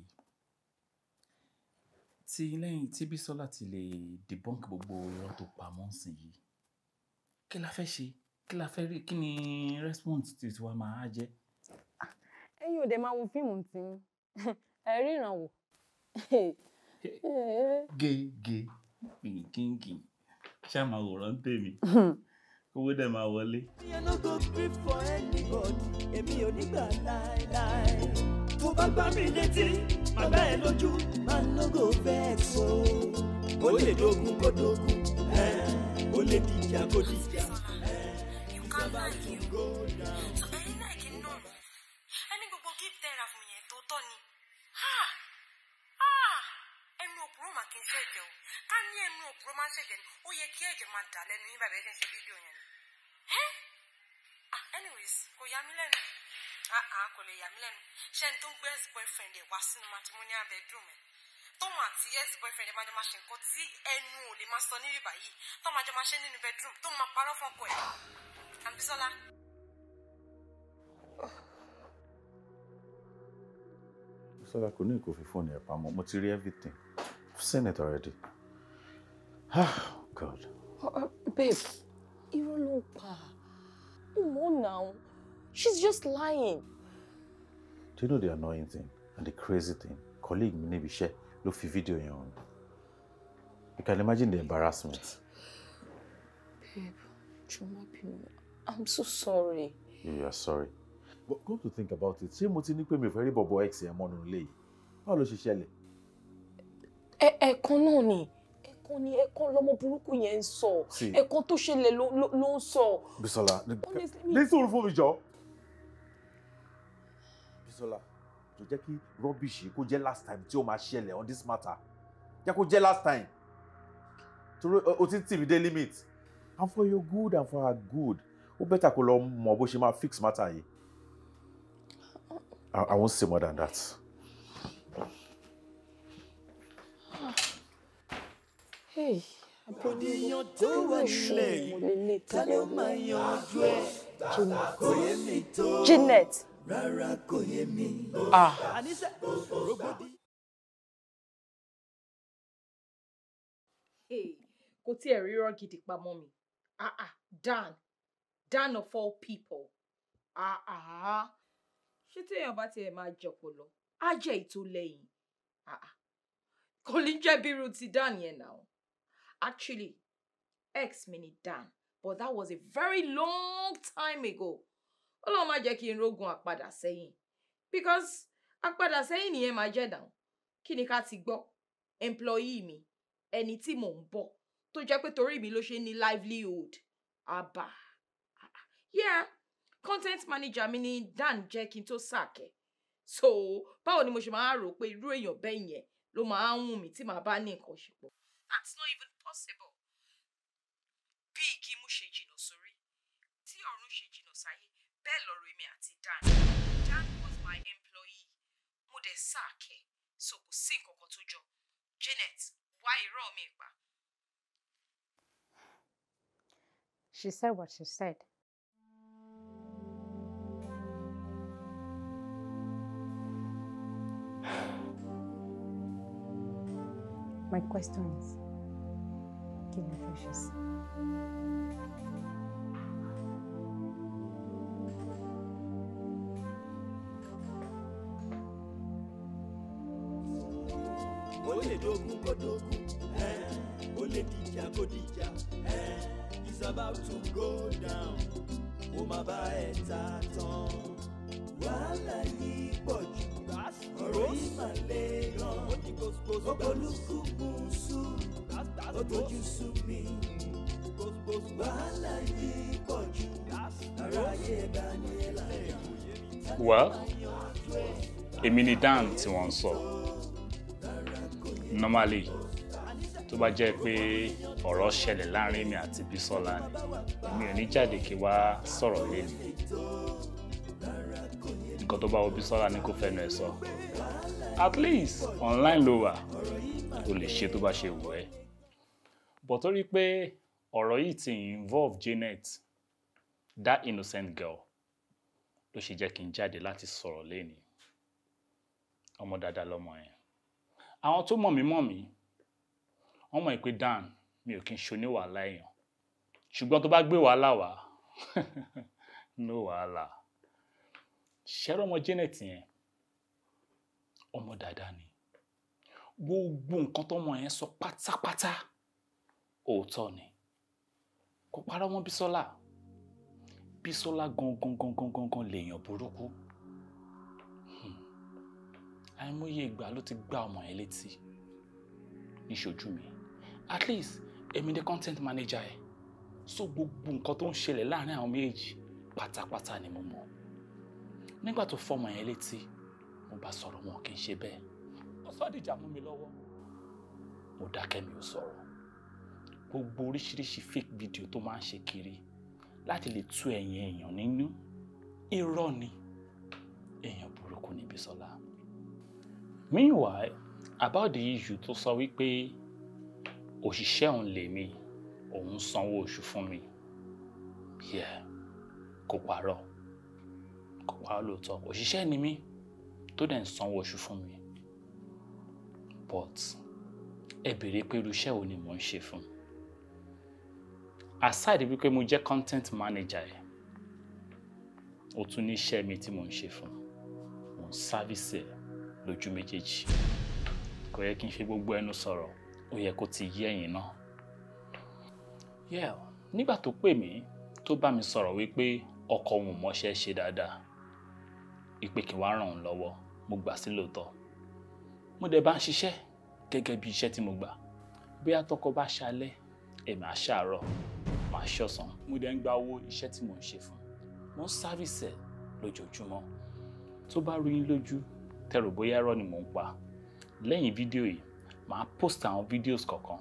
tí lẹ́yìn tí Bísọ́lá ti lè debunk gbogbo irọ́ tó pamọ́ sí yìí, kí la fẹ́ ṣe? Kí la fẹ́ rí? Kí ni response tí tiwa máa jẹ́? Ẹ̀yin ò dẹ̀ máa wo fíìmù tí ẹ rí ìrànwọ́. Gègé gíngì ṣá máa wòrán tèmi owó dẹ̀ máa wọlé. Èmi ò ní gbà láéláé tó bá gbá mi létí máa bá ẹ lójú máa ń lógo vex o. ó lè dogun kó dogun ó lè dìjà kó dìjà. ìjọba tó gbó dà ni ẹnu òpùrọ̀ mà kì í ṣẹ̀jẹ̀ o ká ní ẹnu òpùrọ̀ máa ń ṣẹ̀jẹ̀ ni ó yẹ kí ẹ̀jẹ̀ máa dà lẹ́nu yín bàbá ẹ̀ ṣe ah, anyways go yá mi àá ah, ah, kò lè yà mí lẹ́nu ṣé ex boyfriend ẹ̀ wá sínú matrimonial bedroom ẹ̀ tóun àti ex boyfriend ẹ̀ máa jọ máa ṣe nǹkan tí ẹnu ò lè máa sọ ní bíbá yìí tó máa jọ máa ṣe nínú bedroom tó máa parọ́ fọ́kọ ẹ̀ àbísọ́lá. Bísọ́lá kò ní ìkó fi fóònù ẹ̀ pamọ́ mo ti rí everything I've seen it already. Ah, God. Uh, babe, irọ́ ló ń pa. Mo náà. She's just lying. Do you know the annoying thing and the crazy thing? Colleague mi níbi iṣẹ́ ló fi fídíò yẹn hàn. You can imagine the embarrassment. Babe, Juma Pino, I'm so sorry. You are sorry. But come to think about it, ṣé mo ti ní pé mi ò fẹ́ rí bọ̀bọ̀ ex ẹ̀ mọ́nu ilé yìí? Báwo ló ṣe ṣẹlẹ̀? Ẹ̀ẹ̀kan náà ni ẹ̀kan ni ẹ̀kan lọmọ burúkú yẹn ń sọ. Ẹ̀kan tó ṣẹlẹ̀ ló ń sọ. Bisola, ní sòrò fún mi Bísọ́lá jọ jẹ́ kí rubbish kó jẹ́ last time tí ó máa ṣẹlẹ̀ on this matter jẹ́ kó jẹ́ last time torí o ti ń tì mí dé limit and for your good and for her good ó bẹ́tà kó lọ mọ bó ṣe máa fix matter yìí I, I won't say more than that. Hey tó wà nílẹ̀ yìí ta ló máa yanjú ẹ̀ kò Janet rárá kò yé mi. àníṣe ah. rògbòdì. kò tí ẹ̀ rírọ́ gidi pamọ́ mi ah, ah, Dan Dan of all people ṣé téèyàn bá tiẹ̀ máa jọ̀pọ̀ lọ á jẹ́ ètò lẹ́yìn kò ní jẹ́ bí ti Dan yẹn náà actually ex mi Dan but that was a very long time ago ọlọ́run má jẹ́ kí n rógun àpadà sẹ́yìn because àpadà sẹ́yìn nìyẹn máa jẹ́ dàn kí ni ká ti gbọ́ employee mi ẹni tí mò ń bọ̀ tó jẹ́ pé torí mi ló ṣe ní livelihood àbá yeah content manager mi ni Dan jẹ́ kí n tó sàkẹ́ so báwo ni mo ṣe máa rò pé irú èèyàn bẹ́ẹ̀ yẹn ló máa ń wù mí tí màá bá ní nǹkan ṣe pọ̀ that's not even possible. Dan Dan was my employee mo dẹ̀ so kò sí nǹkan Janet wá irọ́ mi pa. She said what she said. My question is, kí ni fẹ́ ṣe lè dógún kó dógún ó eh, lè dìjà kó eh, is about to go down ó máa bá ẹ ta tán wàhálà yìí pọ̀ jù ọ̀rọ̀ yìí mà lè ràn ọ̀pọ̀lùkùkù sùn ó dojú sú mi wàhálà yìí pọ̀ jù ara ayé Daniel àyà. wá èmi ni Dan tí wọ́n ń sọ. So normally tó bá jẹ́ pé ọ̀rọ̀ ṣẹlẹ̀ láàrin mi àti bisola ni èmi ò ní jáde kí wá sọ̀rọ̀ lẹ́nu nǹkan tó bá wo Bísọ́lá ni kò fẹ́nu ẹ̀ sọ at least online ló wà o lè ṣe tó bá ṣe wù ẹ́ but torí pé ọ̀rọ̀ yìí ti involve Janet that innocent girl ló ṣe jẹ́ kí n jáde láti sọ̀rọ̀ lẹ́nu ọmọ dáadáa lọ́mọ yẹn àwọn tó mọ̀ mí mọ̀ mí wọ́n mọ̀ pé Dan mi ò kí n ṣoní wàhálà èèyàn ṣùgbọ́n tó bá gbé wàhálà wá no wàhálà ṣẹ́rọ ọmọ Janet yẹn ọmọ dáadáa ni gbogbo nǹkan tọmọ yẹn sọ pátápátá òótọ́ ni kò parọ́ mọ́ Bísọ́lá Bísọ́lá gangan gangan gangan lèèyàn burúkú àìmọye ìgbà ló ti gbá ọmọ yẹn létí níṣojú mi at least èmi ni content manager ẹ̀ so gbogbo nǹkan tó ń ṣẹlẹ̀ láàrin àwọn méjèèjì pátápátá ni mo mọ̀ nígbà tó fọmọ yẹn létí mo bá sọ̀rọ̀ wọn kì í ṣe bẹ́ẹ̀ ó sọ dìjà mú mi lọ́wọ́ mo dákẹ́ mi ò sọ̀rọ̀ gbogbo oríṣiríṣi fake video tó máa ń ṣe kiri láti lè tú ẹ̀yìn èèyàn nínú irọ́ ni èèyàn burúkú ni Bísọ́lá meanwhile about the issue tó sọ wípé òṣìṣẹ́ òun lèmi òun sanwó oṣù fún mi yeah kò parọ́ kò parọ́ lóòótọ́ òṣìṣẹ́ ni mí tó dẹ̀ ń sanwó oṣù fún mi but ẹ béèrè pé irú iṣẹ́ wo ni mò ń ṣe fún aside wípé mo jẹ́ content manager ẹ̀ ó tún ní iṣẹ́ mi tí mò ń ṣe fún mò ń service ẹ̀ lójú méjèèjì kò yẹ kí n fi gbogbo ẹnu sọ̀rọ̀ ó yẹ kó ti yí ẹ̀yìn náà. yeah nígbà tó pè mí tó bá mi sọ̀rọ̀ wípé ọkọ òun mọṣẹ́ ṣe dáadáa ìpè kí wàá ràn òun lọ́wọ́ mo gbà sí lóòótọ́ mo dẹ̀ bá ń ṣiṣẹ́ gẹ́gẹ́ bí iṣẹ́ tí mo gbà bóyá tọkọ bá ṣalẹ́ èmi àṣàárọ̀ màá ṣọ̀sán mo dẹ̀ ń gba owó iṣẹ́ tí mò ń ṣe fún mo ń sáfìsẹ̀ lójoojúmọ́ tó bá rí yín lójú tẹ̀rù bóyá irọ́ ni mò ń pa lẹ́yìn fídíò yìí màá post àwọn videos kọ̀ọ̀kan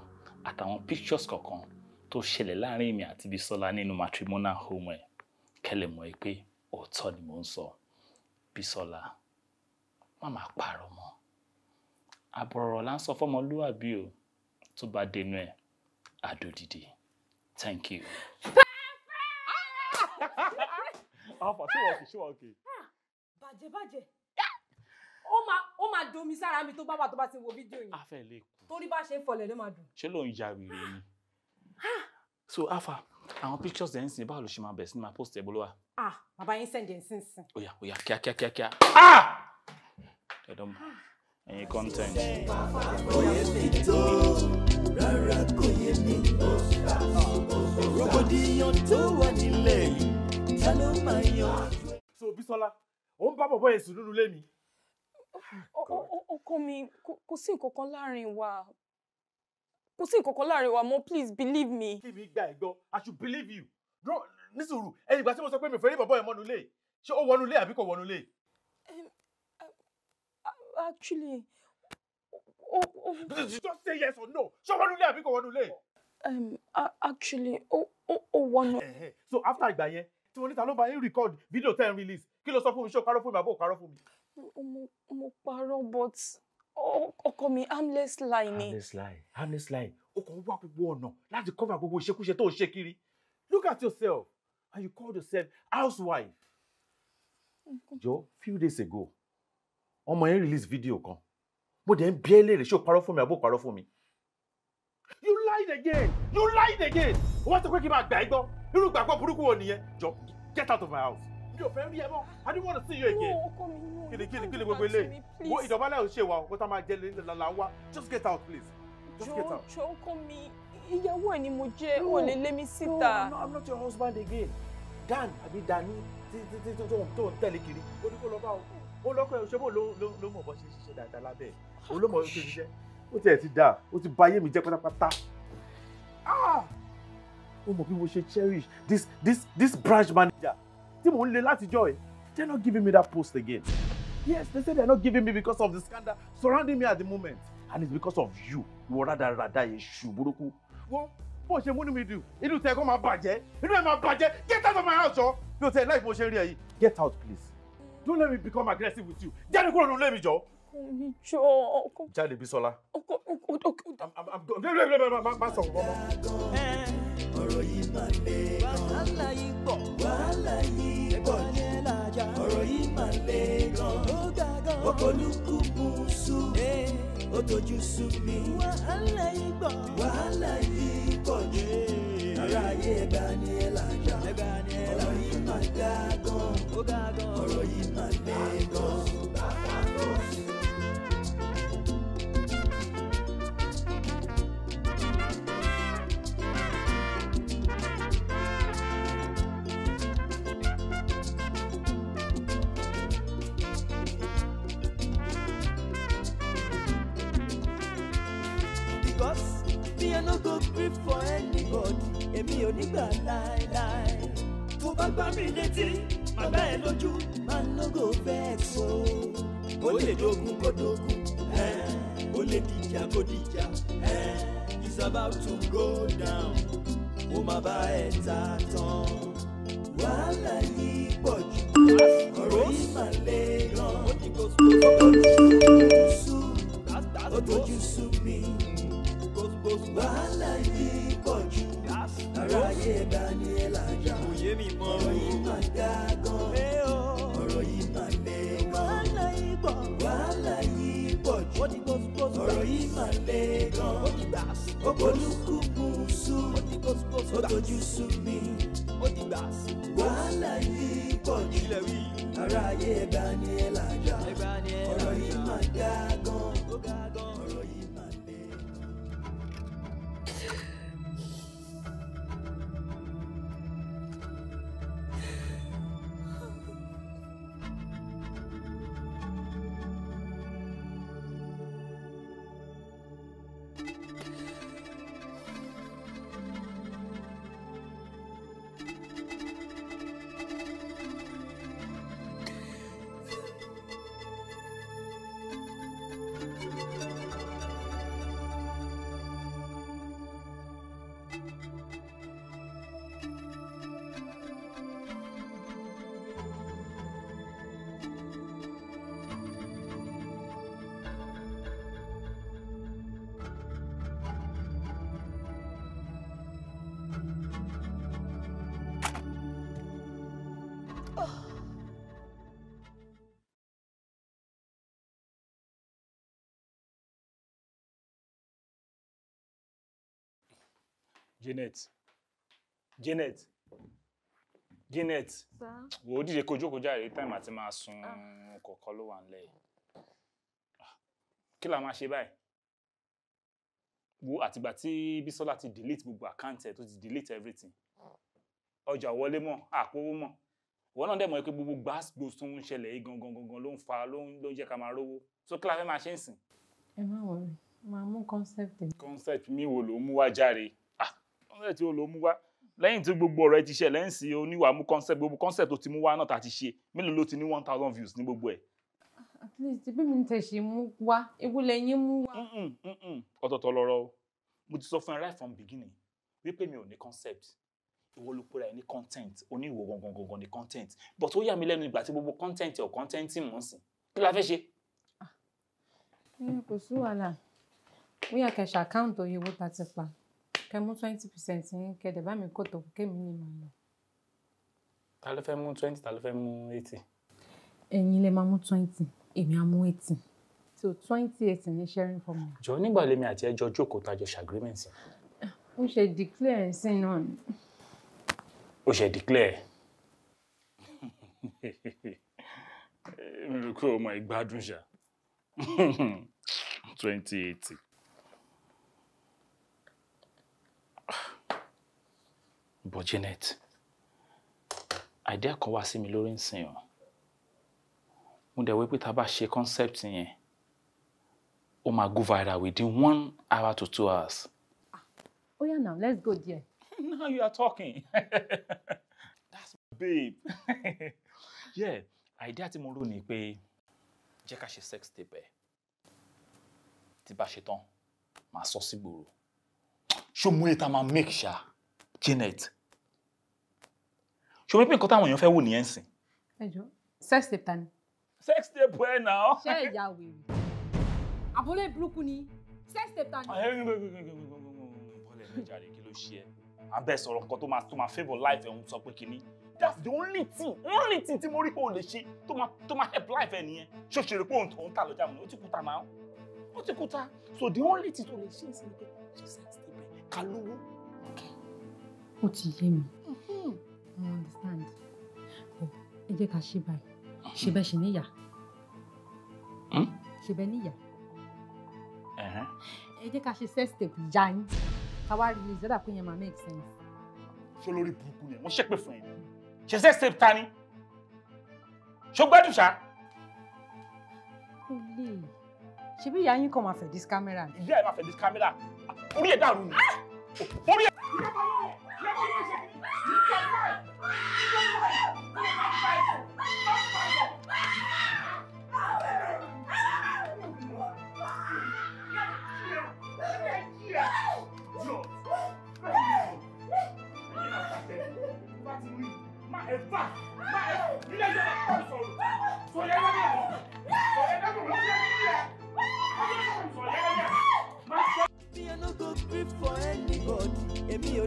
àtàwọn pictures kọ̀ọ̀kan tó ṣẹlẹ̀ láàrin èmi àti Bisola nínú matrimonial home ẹ̀ kẹlẹ̀ mọ̀ pé òótọ́ ni mò ń sọ Bisola má má parọ́ mọ́ àbọ̀rọ̀ là ń sọ fọmọlúwàbí o tó bá dénú ẹ̀ àdòdìdì thank you. ọ̀pọ̀ tí wọ́n fi ṣé wọ́n kì í. Ah! bàjẹ́ bàjẹ́ ó máa ó máa sára mi tó bá wà tó bá ti wo fídíò yìí. afẹ́ lè kú. torí bá ṣe ń fọlẹ̀ ló máa dùn. ṣé ló ń ya wèrè ni. so afa àwọn pictures ẹ̀ ń sìn báwo ló ṣe máa bẹ̀ sí máa post ẹ̀ bó ló ah bàbá yín send ń sìn sìn. oya oya kíá kíá kíá kíá. ẹ̀dọ́ mọ ẹ̀yin content. kò yé mi tó rárá kò yé mi tó rògbòdìyàn tó wà nílẹ̀ yìí ta ló máa yan. so Bisola òun bá bọ̀bọ̀ yẹn sùn nínú ilé mi ọkọ mi kò sí nǹkan kan láàrin wa kò sí nǹkan kan láàrin wa mo please believe me. kí mi gba ẹ̀gbọ́ i should believe you No, sùúrù ẹ̀yìn ìgbà tí mo sọ pé mi fẹ́ rí bàbá ẹ̀ mọ́nu lé ṣé ó wọnú lé àbí kò wọnú lé. actually. Oh, oh. Just say yes or no. ṣé ó wọnú lé àbí kò wọnú lé. Um, uh, actually, ó ó ó wọnú. So after ìgbà yẹn, tí mo níta ló bá yín record video ten release, kí ló sọ fún mi ṣé o parọ́ fún mi àbí o parọ́ fún mi? mo mo parọ́ ọkọ mi harmless lie ni. harmless lie harmless lie o kàn wá gbogbo ọ̀nà láti cover gbogbo ìṣekúṣe tó ń ṣe kiri look at yourself and you call yourself housewife. jọ few days ago ọmọ yẹn release video kan mo dẹ̀ ń bi ẹ́ léèrè ṣé o parọ́ fún mi àbó parọ́ fún mi. you lied again you lied again wọ́n ti pé kí n máa gbà ẹ́ gbọ́ irú gbàgbọ́ burúkú wo nìyẹn jọ get out of my house mi fẹ́ rí ẹ mọ́ i don't want to see you again. ọkọ mi yóò kí ni kí ni kí ni gbogbo eléyìí wo ìdọ̀bálẹ̀ ò ṣe wa kó tá máa jẹ lala wa just get out please just get out. jọ ọkọ mi ìyàwó ẹ ni mo jẹ ò lè lé mi síta. no i'm not your husband again dan àbí dani tí tí tó ń tẹ̀lé kiri ó ní kó lọ bá o ó lọ́kọ̀ ẹ̀ ṣọ́bọ̀ ló mọ̀ bọ́ ṣe ṣiṣẹ́ dáadáa lábẹ́ ẹ̀ ah, ṣe ṣiṣẹ́ ó tiẹ̀ ti dáa ó ti bà mi jẹ́ pátápátá ó ah! mọ̀ bí mo ṣe cherish this this this branch manager tí mò ń le látijọ́ ẹ̀ they're not giving me that post again. Yes, they say they're not giving me because of the scandal surrounding me at the moment. And it's because of you. You Ìwọ rádaràda èṣù burúkú. Wọ́n bó ṣe múnú mi dùn, inú tẹ̀ kọ́ máa bàjẹ́, inú ẹ̀ máa bàjẹ́, get out of my house jọ. Bí o tẹ̀ láì bó ṣe rí ẹ yìí, get out please. Don't let me become aggressive with you. Jáde kúrò nínú ilé mi jọ ọkọ mi jọ ọkọ. jáde Bísọ́lá. ọkọ ọkọ ọkọ. má sọ ọmọ. ọ̀rọ̀ yìí máa le gan. wàhálà yìí pọ̀. wàhálà yìí pọ̀ ní làjà. ọ̀rọ̀ yìí máa le gan. ó ga gan. ọkọ̀ olúkúkú sùn. ó tójú sú mi. wàhálà yìí pọ̀. wàhálà yìí pọ̀ ní. ara ayé ẹ̀bá ni ẹ̀ làjà. ọ̀rọ̀ yìí máa ga gan. ọ̀rọ̀ yìí máa le gan. no go gree for anybody èmi ò nígbà láéláé. tó bá gbá mi létí máa bá ẹ lójú máa no go vex o. ó lè dogun kó dogun ó lè dìjà kó dìjà it's about to go down ó máa bá ẹ ta tán. Janet Janet Janet wò ó dìde kojú kó jáde táìmù àti máa sun ah. kọ̀ọ̀kan ló wà nílẹ̀ ah, kí la máa ṣe báyìí wo àtìgbà tí Bísọ́lá ti delete gbogbo àkáǹtì ẹ̀ tó ti delete everything ọjà wọlé mọ́ àpòwó mọ́ wọn náà dẹ̀ mọ̀ pé gbogbo gbàgbó tó ń ṣẹlẹ̀ yìí gangan gangan ló ń fa ló ń jẹ́ ká máa rówó so kí la fẹ́ máa ṣe ń sìn. ẹ má wọrí máa mú concept. concept mi wo ló mú wá járe concept tí ó lò mú wá lẹ́yìn tí gbogbo ọ̀rọ̀ ẹ ti ṣe lẹ́yìn sí oníwà mú concept gbogbo concept tó ti mú wá náà tá a ti ṣe mélòó ló ti ní one thousand views ní gbogbo ẹ̀. at least bí mi tẹ̀ ṣe mú wá ewu lẹ́yìn mú wá. ọ̀tọ̀ọ̀tọ̀ lọ̀rọ̀ o mo ti sọ fún ẹ right from beginning wípé mi ò ní concept ìwọ ló pera ẹ ní content oníwò gangan ní content but ó yà mí lẹ́nu ìgbà tí gbogbo content ọ̀ content mọ̀ sí kí la fẹ́ ṣe. Ah, kò sí wàhálà bóyá kẹ̀ṣà àkáǹtì òye owó ta ti pa kẹ́ mú twenty percent yín kẹ́dẹ̀ bá mi kó tó kémi ní màá lọ. ta ló fẹ́ mú twenty ta ló fẹ́ mú eighty. ẹ̀yin lè máa mú twenty èmi á mú eighty so twenty eighty ní sharing for me. jọ nígbà lèmi àti ẹjọ jókòó tajọ ṣe agreement. ó ṣe declare sí náà ni. ó ṣe declare. mi ò rò o máa gbádùn ṣá twenty eighty. bọ̀ Janet idea kan wá sí mi lórí nsìn o mo dẹ̀ wí pé tá a bá ṣe concept yẹn ó máa go viral within one hour to two hours. Oh yeah, now let's go there. now you are talking that's my babe yeah idea tí mo rò ni pé jẹ́ ká ṣe sex tape ẹ̀ tí bá ṣe tán màá sọ sí gbòòrò ṣó mú ètò máa make ṣá Janet ṣùgbọ́n pé nǹkan táwọn èèyàn fẹ́ wò nìyẹn sìn. ẹ jọ sex tape ta ni. sex tape ẹ nà ọ. ṣé ìyá wèrè àbúlé burúkú ni sex tape ta ni. ẹ ń bọ́lẹ̀ ẹ jàre kí ló ṣe ẹ abẹ́ sọ̀rọ̀ nǹkan tó máa tó máa favour life ẹ̀ sọ pé kínní that's the only thing only thing tí mo rí pé o lè ṣe tó máa tó máa help life ẹ nìyẹn ṣó ṣe rè pé òun ta lọ́jà mi ó ti kú ta náà ó ti kú ta so the only thing tó lè ṣe é sí ni pé ṣe sex tape ẹ ká I understand. Oh, ẹ jẹ́ ká ṣe báyìí. Ṣé bẹ́ẹ̀ she níyà? Hmm? Ṣé bẹ́ẹ̀ níyà? Ẹ jẹ́ ká ṣe sex tape já yín. Káwá rí ilé ìjọba pé yẹn make sense. Ṣé olórí burúkú ni wọ́n ṣépè fún yín? Ṣé sex tape ta ni? Ṣó gbádùn ṣá? Kò lè. Ṣé bí ìyá yín kàn máa camera? Ìyá ẹ̀ máa fẹ̀ dis camera. Orí ẹ̀ dàrú ni. Ah! Orí ẹ̀.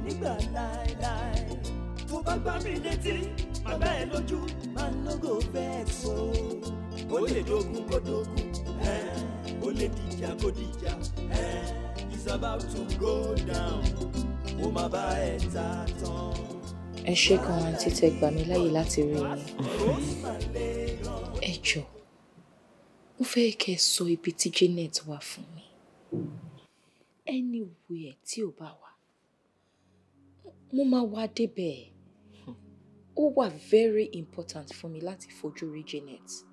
nígbà láéláé tó bá gbá mi létí má gbá ẹ lójú máa ń lógo vex o ó lè dogun kó dogun ó lè dìjà kó dìjà is about to go down ó má bá ẹ ta tán. ẹ ṣe kan àǹtí tẹ gbà mí láàyè láti rí yín ẹ jọ mo fẹ́ kẹ́ ẹ sọ ibi tí Janet wà fún mi anywhere tí ò bá wà mo máa wá débẹ̀ ó wà very important fún mi láti fojú rí Janet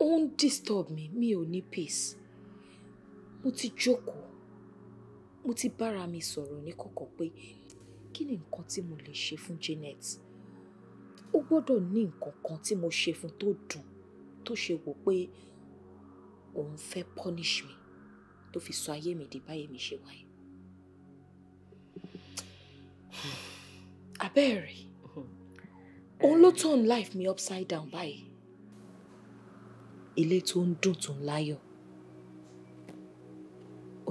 ó ń disturb mi mi ò ní peace mo ti jókòó mo ti bára mi sọ̀rọ̀ ní kọ̀kọ̀ pé kí ni nǹkan tí mo lè ṣe fún Janet ó gbọ́dọ̀ ní nǹkan kan tí mo ṣe fún tó dùn tó ṣe wò pé òun fẹ́ punish me. tó fi sọ ayé mi di báyé mi ṣe wáyé abẹ́ẹ̀rẹ̀ òun ló turn life mi upside down báyìí ilé tó ń dùn tó ń láyọ̀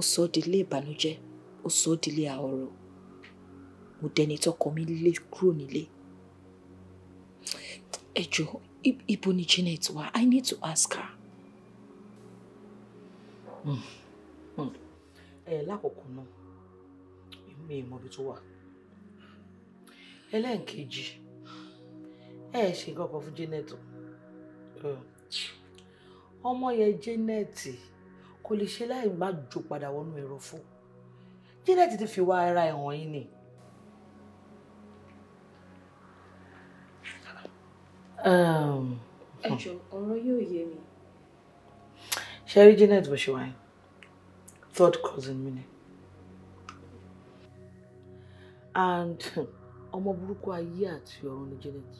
ó sọ ọ́ di ilé ìbànújẹ́ ó sọ ọ́ di ilé àọ̀rọ̀ mo dẹni tọkọ mi lé kúrò nílé ẹ ibo ni Janet wà I need to ask her. Hmm, hmm. ẹ lákòókò náà èmi ò mọ ibi tó wà ẹlẹ́ǹkejì ẹ ṣe nǹkan kan fún Janet o ọmọ yẹn Janet kò lè ṣe láì má jò padà wọnú ẹ̀rọ fún Janet ti fi wá ara ẹ̀wọ̀n ehm, yìí ni. ẹ jọ ọ̀rọ̀ yóò yé mi. ṣe rí Janet bó ṣe wáyé third cousin mi ni and ọmọ burúkú ayé àti ọ̀run ni Janet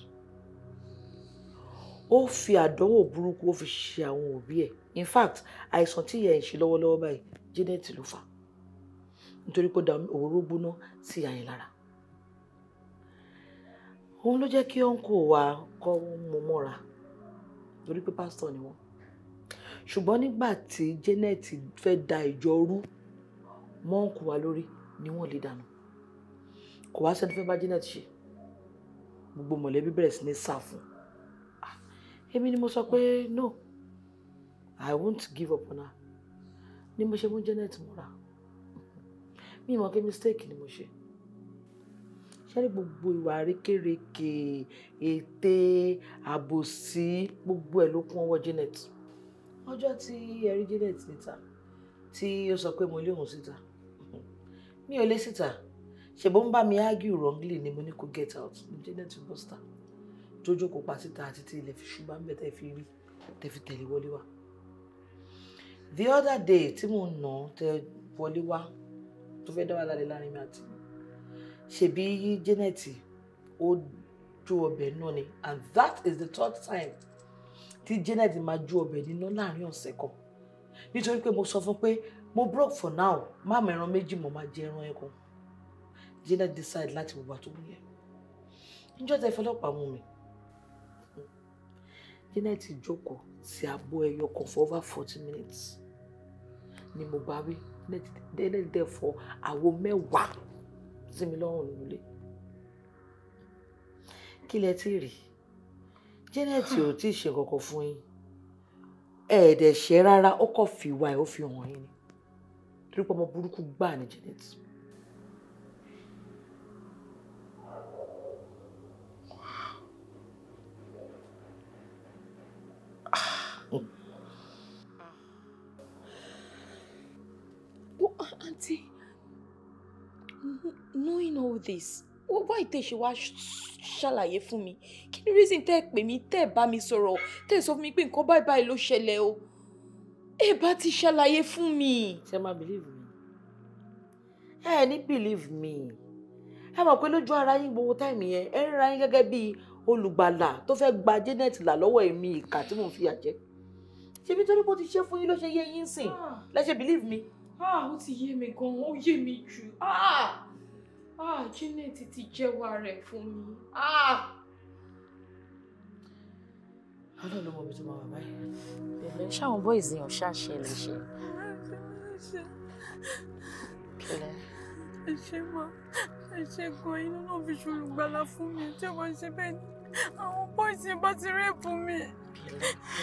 ó fi àdánwò burúkú ó fi ṣe àwọn òbí ẹ̀ in fact àìsàn tí ìyá ẹ̀ ń ṣe lọ́wọ́lọ́wọ́ báyìí Janet ló fà nítorí pé ó da gbóná sí ìyá lára òun ló jẹ́ kí ọ̀nkò wa kọ́ mọ mọ́ra torí pé pásítọ̀ ni wọ́n ṣùgbọ́n nígbà tí Janet fẹ́ da ìjọ rú mọ́ wa lórí ni wọ́n lè dànù kò wá sẹ́ni fẹ́ bá Janet ṣe gbogbo mọ̀lẹ́bí bẹ̀rẹ̀ sí ní sá fún ah, èmi ni mo sọ pé no I won't give up on her ni mo ṣe mú Janet múra mi mọ̀ pé mistake ni mo ṣe ṣẹ́rí gbogbo ìwà rékèrèkè ète àbòsí gbogbo ẹ̀ ló kún ọwọ́ Janet ọjọ́ tí ẹ̀rí Janet níta tí ó sọ pé mo lé òun síta mi ò lé síta ṣe bó ń bá mi argue wrongly ni mo ní kó get out ní janet buster jójó kó pa síta àti tí ilẹ̀ fi ṣùgbọ́n ń bẹ̀ tẹ́ fi rí tẹ́ tẹ̀lé wọlé the other day tí mo nà tẹ wọlé wá tó fẹ́ dáwà lálẹ́ láàrin mi àti ṣèbí janet ó ju ọbẹ̀ náà ni and that is the third time tí janet máa ju ọbẹ̀ níná láàrin ọ̀sẹ̀ kan nítorí pé mo sọ fún pé mo broke for now má mẹ́ran méjì mo máa jẹ ẹran ẹ̀kan jẹ́lá decide láti wùwà tó wúyẹ níjọ́ tẹ fọlọ́pàá mú mi jẹ́lá ti jókòó sí abọ́ ẹyọ kan for over forty minutes ni mo bá wí jẹ́lá dẹ̀ fọ àwo mẹ́wàá sí mi lọ́rùn nílé kí lẹ ti rí Janet ò tí ì ṣe kankan fún yín ẹ̀ẹ́dẹ̀ rárá ó kàn fi wá ẹ̀ ó fi hàn yín ni torí pé ọmọ burúkú gbà ní Janet. knowing all this why tẹ́ she wá ṣàlàyé fún mi kí ni reason tẹ́ pè mí tẹ́ bá mi sọ̀rọ̀ tẹ́ sọ fún mi pé nǹkan báyìí báyìí ló ṣẹlẹ̀ o ẹ bá ti ṣàlàyé fún mi. ṣe máa believe me ẹ ní believe me ẹ mọ̀ pé lójú ara yín gbogbo táìmù yẹn ẹ ń ra yín gẹ́gẹ́ bíi olùgbàlà tó fẹ́ gba Janet là lọ́wọ́ èmi ìkà tí mò ń fìyà jẹ ṣebí torí bó ti ṣe fún yín ló ṣe yé yín sìn ah. lẹ believe me. ah ó ti yé mi gan-an ó yé mi jù ah ah Janet ti jẹ́wọ́ ara ẹ̀ fún mi ah. ọlọ́run ló mọ ibi tó máa wà báyìí. bẹ̀rẹ̀ ṣáwọn boys yẹn ṣáṣe lè ṣe. kílẹ̀. ẹ ṣe mọ ẹ ṣe gan inú náà fi ṣolùgbàlà fún mi tí wọ́n ṣe bẹ́ẹ̀ ni àwọn boys yẹn bá ti rẹ́ẹ̀pù mi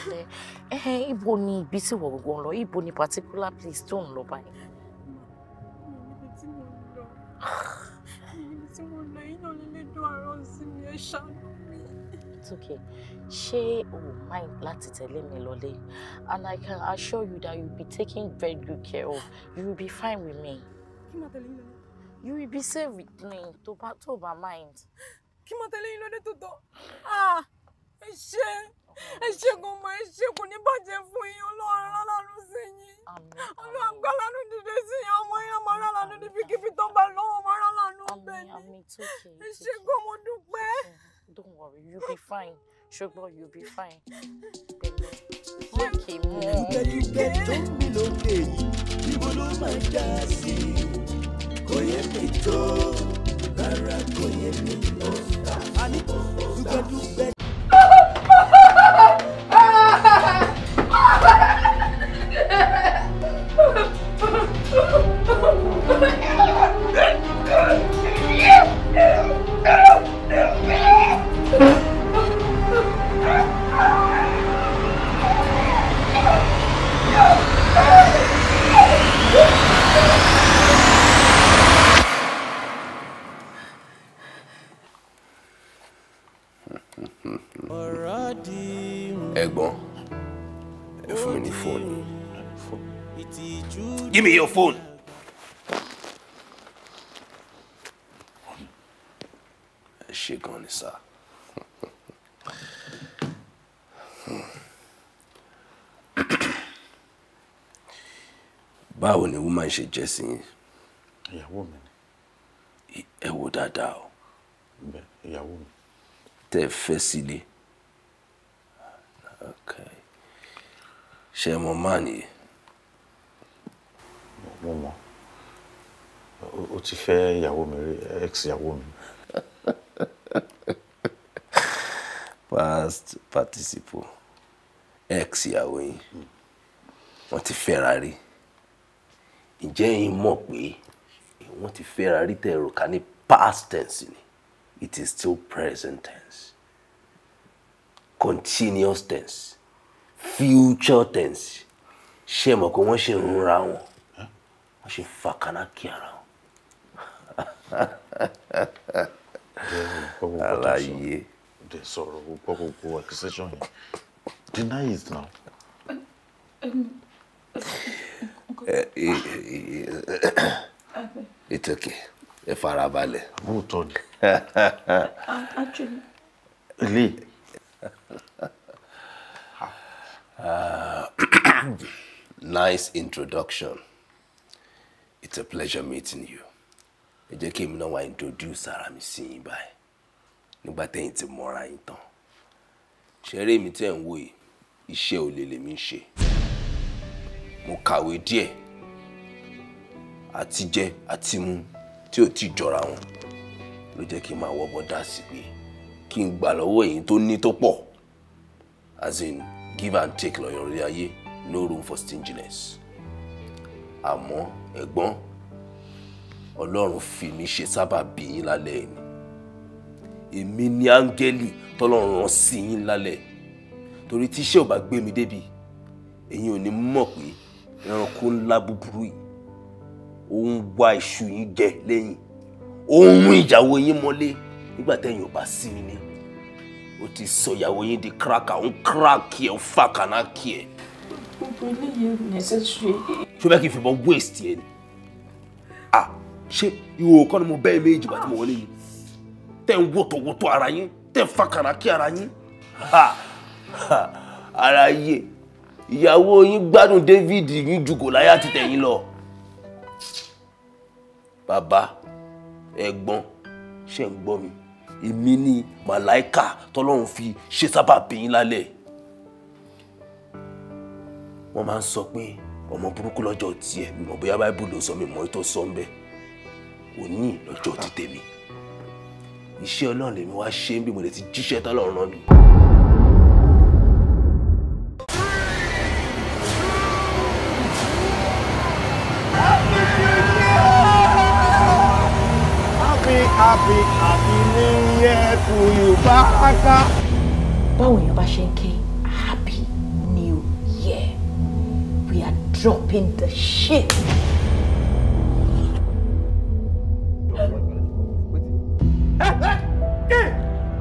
ilẹ̀ ẹ̀ ibo ni ibi tí wọ́n gbọ́n lọ ibo ni particular place tó ń lọ báyìí. ibi tí mo ń lọ. Ah. ẹ It's okay. Ṣé o ò mind láti tẹ̀lé mi lọlé? And I can assure you that you'll be taking very good care of. You will be fine with me. Kí máa tẹ̀lé yín lọlé? You will be safe with me To bá tó mind. Kí máa tẹ̀lé yín lọlé tó tọ́? Ah! Ẹ ṣe ẹṣẹ́gun ọmọ ẹṣẹ́gun ní bàjẹ́ fún yín ọlọ́run lálàánú sí yín ọlọ́run gbálánú dìde sí yín ọmọ yín ọmọ lálàánú níbi kíbi tó bá lọ́wọ́ ọmọ lálàánú bẹ́ẹ̀ ni ẹṣẹ́gun ọmọ dúpẹ́. Don't worry, you'll be fine. boy, you'll be fine. Bẹ́ẹ̀ni, má kì í mú ọ. Ìgbẹ́dùgbẹ́ tó ń mi lókè yìí, ibo ló máa já sí? Kò yẹ mi tó, rárá kò yẹ mi lọ. Àní, ìgbẹ́dùgbẹ́. Yeah! Give me your phone. That shit gan ni sá. Báwo ni woman ṣe jẹ́ sí yín? Ìyàwó mi ni. Ẹ wo dáadáa o. Bẹ́ẹ̀ ìyàwó mi. Tẹ́ ẹ fẹ́ sílé. Ṣé ẹ mọ nìyẹn? mo mọ̀ ó ti fẹ́ ìyàwó mi rí ex ìyàwó mi. past participle ex ìyàwó yín wọ́n ti fẹ́ra rí ǹjẹ́ yín mọ̀ pé wọ́n ti fẹ́ra rí tẹ̀rọ ká ní past tense ni it is still present tense continuous tense future tense ṣé mọ̀ pé wọ́n ṣe ń ra wọn wọ́n ṣe fàkàlà kí ara the sorrow. de sọ̀rọ̀ gbogbo gbogbo accusation deny it now. Eh, eh, eh, it's okay ẹ farabalẹ̀. àbúrò ni. ilé. Ah, nice introduction it's a pleasure meeting you ẹ jẹ́ kí èmi náà wá introduce ara mi sí yín báyìí nígbà tẹ́yìn ti mọ́ra yín tán ṣeré mi tẹ́ ń wò yìí iṣẹ́ olè lèmi ń ṣe mo kàwé díẹ̀ àti jẹ àti mu tí ò ti jọra wọn ló jẹ́ kí n máa wọ́gbọ́n dá sí pé kí n gbà lọ́wọ́ èyí tó ní tó pọ̀ as in give and take lọ́yọ̀rọ̀ ayé no room for stinginess àmọ́ ẹ̀gbọ́n ọlọ́run fi mi ṣe sábàbí yín lálẹ́ yìí èmi ni áńgẹ́lì tọ́lọ́run rán sí yín lálẹ́ torí tí iṣẹ́ ò bá gbé mi débi ẹ̀yin ò ní mọ̀ pé ẹranko ńlá búburú yìí ó ń wá iṣu yín jẹ lẹ́yìn ó ń mú ìyàwó yín mọ́lé nígbà tẹ́yìn ò bá sí nílé ó ti sọ ìyàwó yín di kíráàkà ó ń kíráàkì ẹ̀ ó fàkànà kì ẹ̀. gbogbo eléyìí necessary ṣó bẹ́ẹ̀ kí n fìbọn waste yẹn ni ah ṣé ìwò kan ni mo bẹ́ẹ̀ méjì bá ti mo wọlé yìí tẹ̀ ń wòtòwòtò ara yín tẹ̀ ń fakàrà kí ara yín ha ha ara yé ìyàwó yín gbádùn David yín ju Gòláyà ti tẹ̀yìn lọ. bàbá ẹ̀gbọ́n ṣe ń gbọ́ mi èmi ni màláìkà tọ́lọ́run fi ṣe sábà bí lálẹ́ wọ́n máa ń sọ pé ọmọ burúkú lọ́jọ́ tiẹ̀ mi mọ̀ bóyá báíbù ló sọ mi mọ̀ tó sọ ń bẹ̀ òní lọ́jọ́ ti tèmi iṣẹ́ ọlọ́run lèmi wá ṣe ń bí mo lè ti jíṣẹ́ tọ́lọ́run rán mi. to you báwo èèyàn bá ṣe ń ké dropping the shit.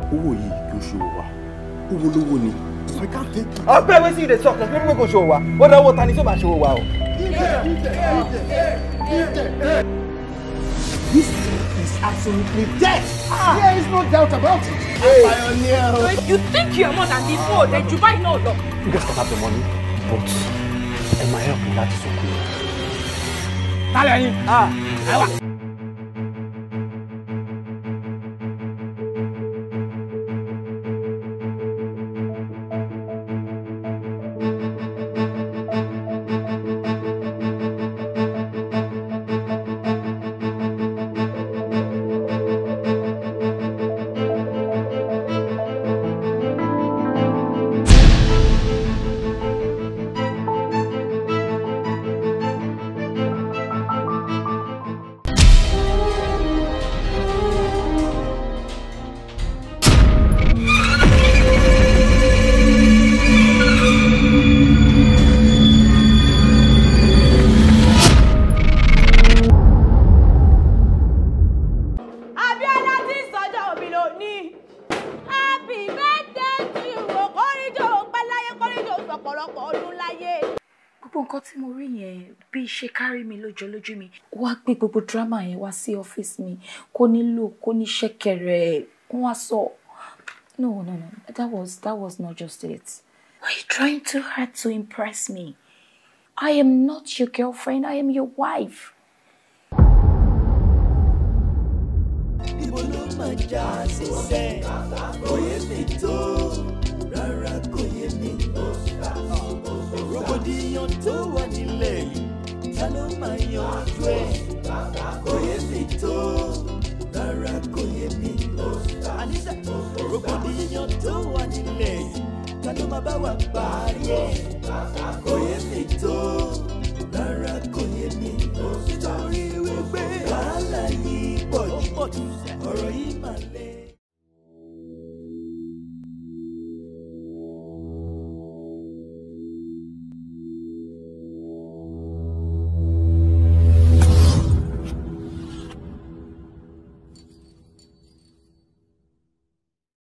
Who owó yìí kò ṣòwò wa owó lówó ni. ọpẹ́ wẹ́sí ìdè sọ kan pé kò ṣòwò wa wọ́n dáwọ́ ta What tí ó bá ṣòwò wa o. This is absolutely dead. Ah. There is no doubt about it. Hey. Pioneer. You think you're more than this, oh, then you buy no law. You guys can have the money, but ẹ máa help láti sọkún. tálẹ̀ ni ah, ẹ wà. lójú mi wá gbé gbogbo drama yẹn wá sí ọ́fíìsì mi kó nílò kó ní ṣẹ́kẹ̀rẹ̀ kó wá sọ. no no no that was that was not just it. why you trying too hard to impress me? I am not your girlfriend I am your wife. rárá kò yé mi tó tó wà nílẹ̀ yìí ta ló máa yanjú ẹ kò yé mi tó rárá kò yé mi àníṣe rògbòdìyàn tó wà nílẹ̀ ta ló máa bá wa parí ẹ kò yé mi tó rárá kò yé mi nítorí wípé wàhálà yìí pọ̀ jù ọ̀rọ̀ yìí.